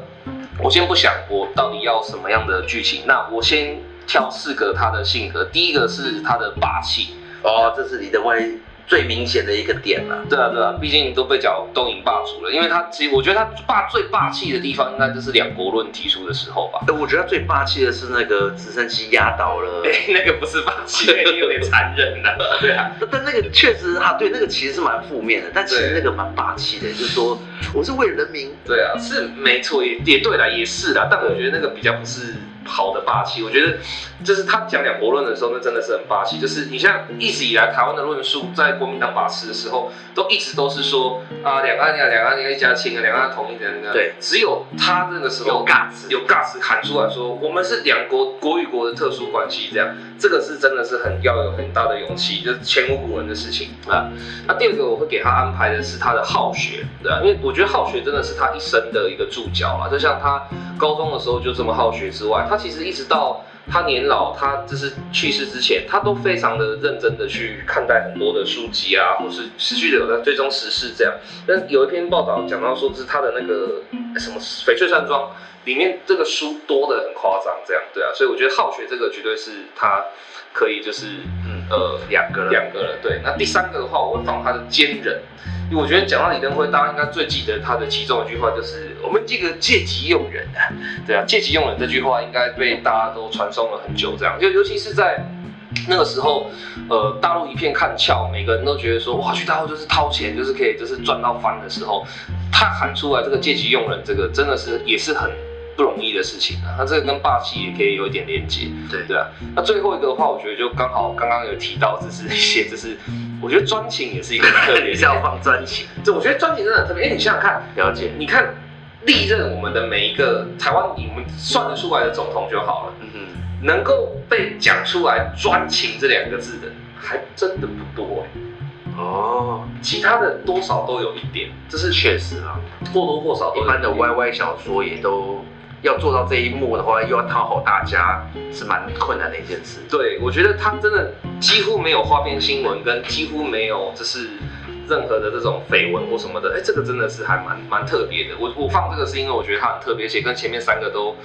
我先不想我到底要什麼樣的劇情，嗯，那我先挑四個他的性格，第一個是他的霸氣哦，這是你的輝最明顯的一個點了、啊，對啊對啊，畢竟都被叫東瀛霸主了，因為他其實我覺得他霸最霸氣的地方，應該就是兩國論提出的時候吧。我覺得他最霸氣的是那個直升機壓倒了，哎，那個不是霸氣，有點殘忍了、啊。對啊， 但那個確實哈、 啊，對那個其實是蠻負面的，但其實那個蠻霸氣的， 就是說我是為人民。對啊，是沒錯，也也對啦，也是啦，但我覺得那個比較不是。好的霸氣，我覺得就是他講兩國論的時候，那真的是很霸氣。就是你像一直以來台灣的論述，在國民黨把持的時候，都一直都是說啊兩岸啊兩岸，岸一家親啊兩岸同一種對，只有他這個時候有 g u s 有 g u s 喊出來說，我們是兩國國與國的特殊關係，這樣這個是真的是很要有很大的勇氣，就是前無古人的事情啊。那、啊、第二個我會給他安排的是他的好學，對啊，因為我覺得好學真的是他一生的一個注腳啦。就像他高中的時候就這麼好學之外，他其實一直到他年老，他就是去世之前，他都非常的認真的去看待很多的書籍啊，或是失去了，他最終時事，這樣。但有一篇報道講到說，是他的那個什麼翡翠山莊裡面這個書多的很誇張，這樣對啊，所以我覺得好學這個絕對是他。可以，就是，嗯，呃，兩個了，兩個了，對、嗯。那第三個的話，我會放他的堅忍，因為我覺得講到李登輝，大家應該最記得他的其中一句話，就是我們這個戒急用忍啊，對啊，戒急用忍這句話應該被大家都傳頌了很久，這樣，就尤其是在那個時候，呃，大陸一片看俏，每個人都覺得說，哇去大陸就是掏錢就是可以就是賺到翻的時候，他喊出來這個戒急用忍這個真的是也是很。不容易的事情啊，那這個跟霸氣也可以有一點連接，對對啊。那最後一個的話，我覺得就剛好剛剛有提到，就是一些，就是我覺得專情也是一個特，比 較放專情。這我覺得專情真的特別，哎、欸，你想想看，了解？你看歷任我們的每一個台灣，你們算得出來的總統就好了，嗯、能夠被講出來專情這兩個字的，還真的不多、欸、哦。其他的多少都有一點，這是確實啊，或多或少，一般的 YY 小說也都、嗯。要做到這一幕的話，又要討好大家，是蠻困難的一件事。對，我覺得他真的幾乎沒有花邊新聞，跟幾乎沒有就是任何的這種緋聞或什麼的。哎、欸，這個真的是還蠻蠻特別的。我我放這個是因為我覺得它很特別，且跟前面三個都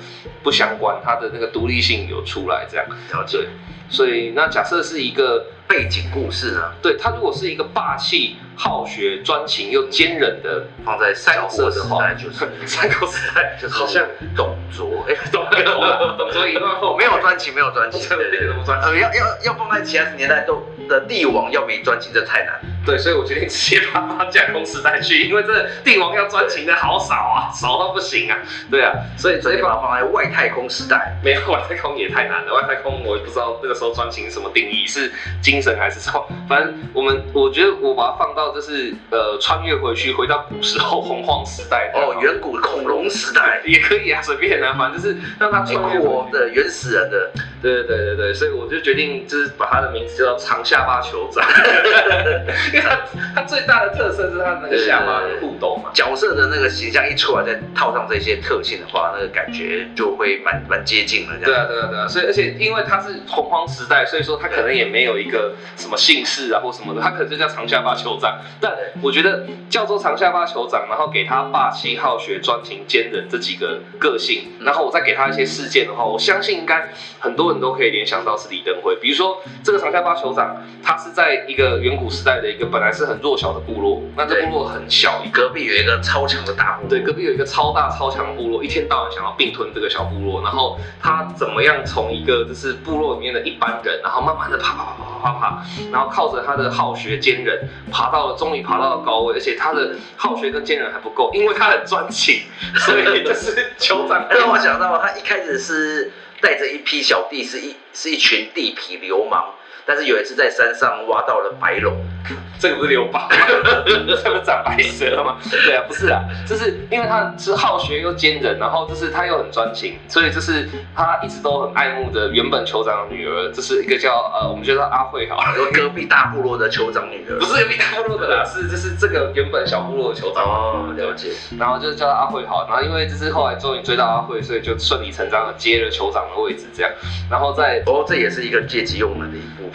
不相關，它的那個獨立性有出來這樣。對，所以那假設是一個背景故事呢？對，它如果是一個霸氣。好學專情又堅韌的，的，放在三國的話，就是三國時代，就是好像 董卓，哎， 董卓， 董卓一段後，沒有專情， 情，沒有專情，一點都不專呃，要要要放在其他年代都的帝王要比專情的太難。對，所以我決定直接把它架空時代去，因為這帝王要專情的好少啊，少到不行啊。對啊，所以直接把它放在外太空時代，沒有，外太空也太難了。外太空我也不知道那個時候專情什麼定義，是精神還是什麼？反正我們我覺得我把它放到。就是呃，穿越回去，回到古時候洪荒時代哦，遠古恐龍時代也可以啊，隨便啊，反正就是讓他穿越我的原始人的，對對對對，所以我就決定就是把他的名字叫做長下巴酋長， 因為他他最大的特色是他那個下巴戽斗嘛、呃，角色的那個形象一出來，再套上這些特性的話，那個感覺就會蠻蠻接近了，對啊對啊對啊，所以而且因為他是洪荒時代，所以說他可能也沒有一個什麼姓氏啊或什麼的，他可能就叫長下巴酋長。但我覺得叫做長下巴酋長，然後給他霸氣、好學、專情、堅忍這幾個個性，然後我再給他一些事件的話，我相信應該很多人都可以聯想到是李登輝。比如說這個長下巴酋長，他是在一個遠古時代的一個本來是很弱小的部落，那這部落很小，對，隔壁有一個超強的大部落，對，隔壁有一個超大超強部落，一天到晚想要併吞這個小部落，然後他怎麼樣從一個就是部落裡面的一般人，然後慢慢的爬。爬爬，然後靠着他的好學堅韌爬到了，終於爬到了高位。而且他的好學跟堅韌還不夠，因為他很專情，所以就是酋 長讓我想到他一開始是帶着一批小弟，是一是一群地痞流氓。但是有一次在山上挖到了白龍， 這個不是劉邦， 這不是長白蛇了嗎？對啊，不是啊，就是因為他是好學又堅韌， 然後就是他又很專情，所以就是他一直都很愛慕的原本酋長的女兒，這 是一個叫呃，我們叫他阿慧好，隔壁大部落的酋長女兒。不是隔壁大部落的啦，是就是這個原本小部落的酋長的。哦，了解。然後就是叫他阿慧好，然後因為就是後來終於追到阿慧，所以就順理成章的接了酋長的位置這樣。然後在哦這也是一個借機用門的一步。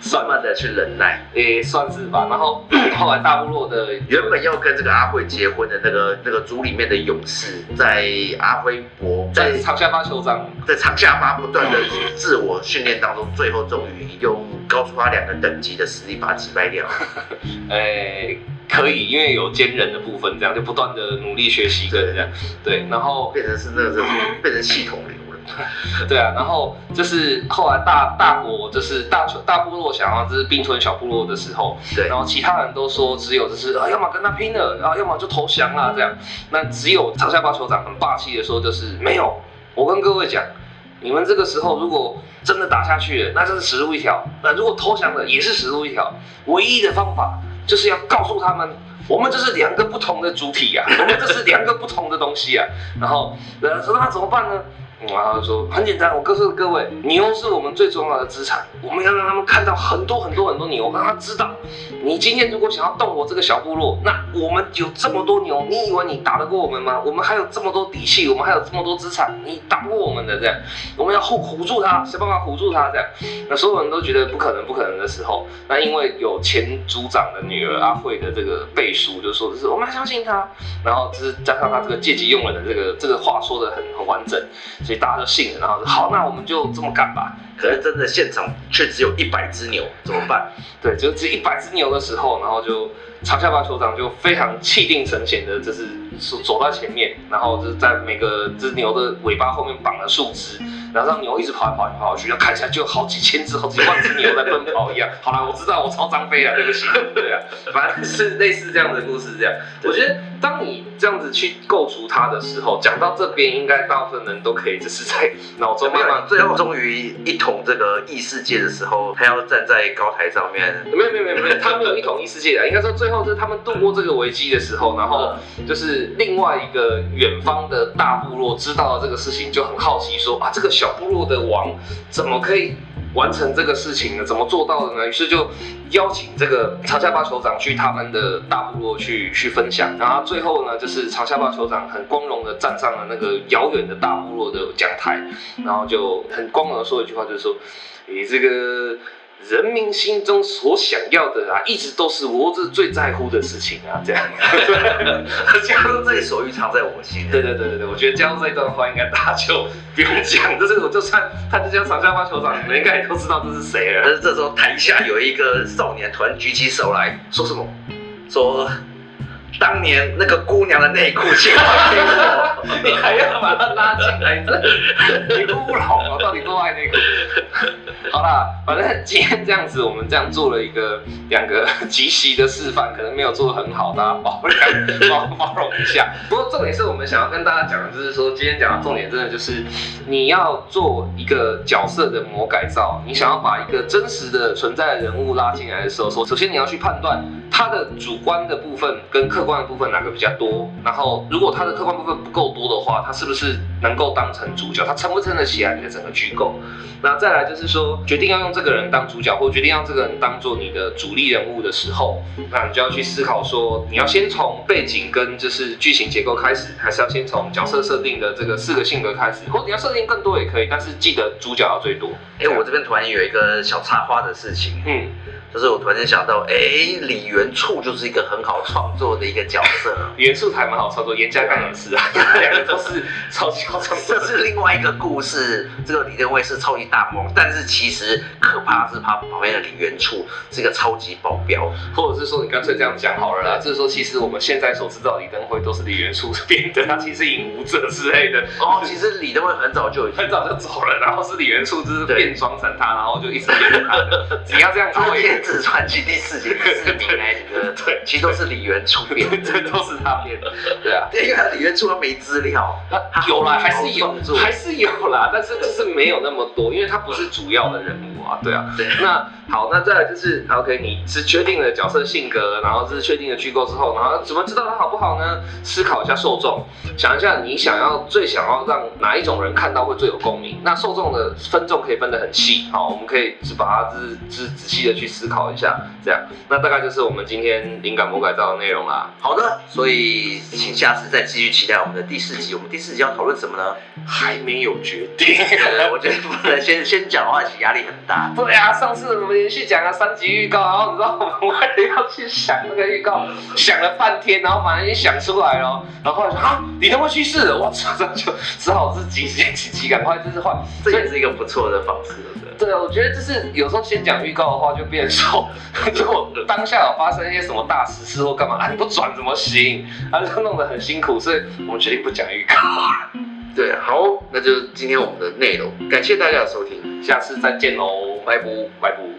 算慢慢的去忍耐，也、欸、算是吧。然後 後來大部落的原本要跟這個阿輝結婚的那個那個組裡面的勇士，在阿輝伯在，在長下巴酋長在長下巴不斷的自我訓練當中， 最後終於用高出他兩個等級的實力把他擊敗掉。哎、 欸，可以，因為有堅韌的部分，這樣就不斷的努力學習，對，然後變成是那個什 變成系統。 對啊，然後就是後來大大國就是大大部落想要、啊、就是併吞小部落的時候，對，然後其他人都說只有就是啊，要麼跟他拼了啊，要麼就投降了、啊、這樣。那只有長下巴酋長很霸氣的說，就是沒有，我跟各位講，你們這個時候如果真的打下去了，那就是死路一條；那如果投降了，也是死路一條。唯一的方法就是要告訴他們，我們這是兩個不同的主體呀、啊， 我們這是兩個不同的東西呀、啊。 然後，呃，說那怎麼辦呢？嗯、然後就說很簡單，我告訴各位，牛是我們最重要的資產，我們要讓他們看到很多很多很多牛，讓他知道，你今天如果想要動我這個小部落，那我們有這麼多牛，你以為你打得過我們嗎？我們還有這麼多底氣，我們還有這麼多資產，你打不過我們的，這樣，我們要唬住他，想辦法唬住他，這樣，那所有人都覺得不可能，不可能的時候，那因為有前組長的女兒阿、啊、慧、嗯、的這個背書，就說是，是我們要相信他，然後就是加上他這個借機用人的這個、嗯、這個話說的很很完整。所以大家都信了，然後好，那我們就這麼幹吧。可是真的現場卻只有一百隻牛，怎麼辦？嗯，對，就只一百隻牛的時候，然後就長下巴酋長就非常氣定神閒的，這是。是走到前面，然後就是在每個隻牛的尾巴後面綁了樹枝，然後讓牛一直跑來跑去跑來跑去，要看起來就好幾千隻好幾萬隻牛在奔跑一樣。好啦，我知道我抄張飛了，對不起。對啊，反正是類似這樣的故事這樣。我覺得當你這樣子去構圖它的時候，講到這邊應該大部分人都可以，就是在腦中慢慢沒有、啊。最後終於、嗯、一統這個異世界的時候，他要站在高台上面、嗯。沒有沒有沒有沒有，他沒有一統異世界的啊，應該說最後是他們度過這個危機的時候，然後就是。另外一個遠方的大部落知道了這個事情，就很好奇說，說啊，這個小部落的王怎麼可以完成這個事情呢？怎麼做到的呢？於是就邀請這個長下巴酋長去他們的大部落去去分享。然後最後呢，就是長下巴酋長很光榮的站上了那個遙遠的大部落的講台，然後就很光榮的說一句話，就是說，你這個。人民心中所想要的啊，一直都是我這最在乎的事情啊，這樣、啊。像 這一手藏在我心。對對對對對，我覺得加上這一段話應該大家就不用講，就 是我就算他直接長下巴酋長，你應該也都知道這是誰了。但是這時候台下有一個少年突然舉起手來說什麼？說。當年那個姑娘的內褲，哈哈哈哈，你還要把她拉進來， 你不懂啊，到底多愛內褲？好了，反正今天這樣子，我們這樣做了一個兩個即席的示範，可能沒有做得很好，大家包容包容一下。不過重點是我們想要跟大家講的，就是說今天講的重點真的就是，你要做一個角色的魔改造，你想要把一個真實的存在的人物拉進來的時候，首先你要去判斷。他的主觀的部分跟客觀的部分哪個比較多？然後，如果他的客觀部分不夠多的話，他是不是能夠當成主角？他撐不撐得起來你的整個劇構？那再來就是說，決定要用這個人當主角，或決定讓這個人當做你的主力人物的時候，那你就要去思考說，你要先從背景跟就是劇情結構開始，還是要先從角色設定的這個四個性格開始？或你要設定更多也可以，但是記得主角要最多。誒、欸，我這邊突然有一個小插花的事情，嗯。就是我突然間想到，哎、欸，李元簇就是一個很好創作的一個角色。 李元簇還蠻好操作，嚴家淦也是啊，兩個都是超級好創作的。 這是另外一個故事，這個李登輝是超級大魔王，但是其實可怕是他旁邊的李元簇是一個超級保鏢，或者是說你乾脆這樣講好了啦，啊嗯，就是說其實我們現在所知道李登輝都是李元簇是變的，他其實影武者之類的。哦，其實李登輝很早就很早就走了，然後是李元簇就是變裝成他，然後就一直着他。你 要這樣做。 自《紫傳奇第四集是個名來着，對，其實都是李元簇編，這都是他編的，對啊，對，因為他李元簇他沒資料，他，他有啦，還是有還，還是有啦，但是就是沒有那麼多，因為他不是主要的人物啊，對啊，對。那好，那再來就是，OK，你是確定了角色性格，然後是確定了結構之後，然後怎麼知道他好不好呢？思考一下受眾，想一下你想要最想要讓哪一種人看到會最有共鳴，那受眾的分眾可以分得很細，好，我們可以是把它是是仔細的去思。考一下，這樣，那大概就是我們今天靈感魔改造的內容啦。好的，所以請下次再繼續期待我們的第四集。我們第四集要討論什麼呢？還沒有決定。嗯、我覺得不能 先先講的話，其實壓力很大。對啊，上次我們連續講了三集預告，然後你知道我們為了要去想那個預告，想了半天，然後反正也想出來了。然後後來說啊，你都會去世了，我只能就只好是急急緊急趕快就是換，這也是一個不錯的方式。對，我覺得就是有時候先講預告的話就變成說，如 果當下有發生一些什麼大實事或幹嘛，啊、你不轉怎麼行？啊，就弄得很辛苦，所以我們決定不講預告，啊。對，好，那就是今天我們的內容，感謝大家的收聽，下次再見嘍，拜拜。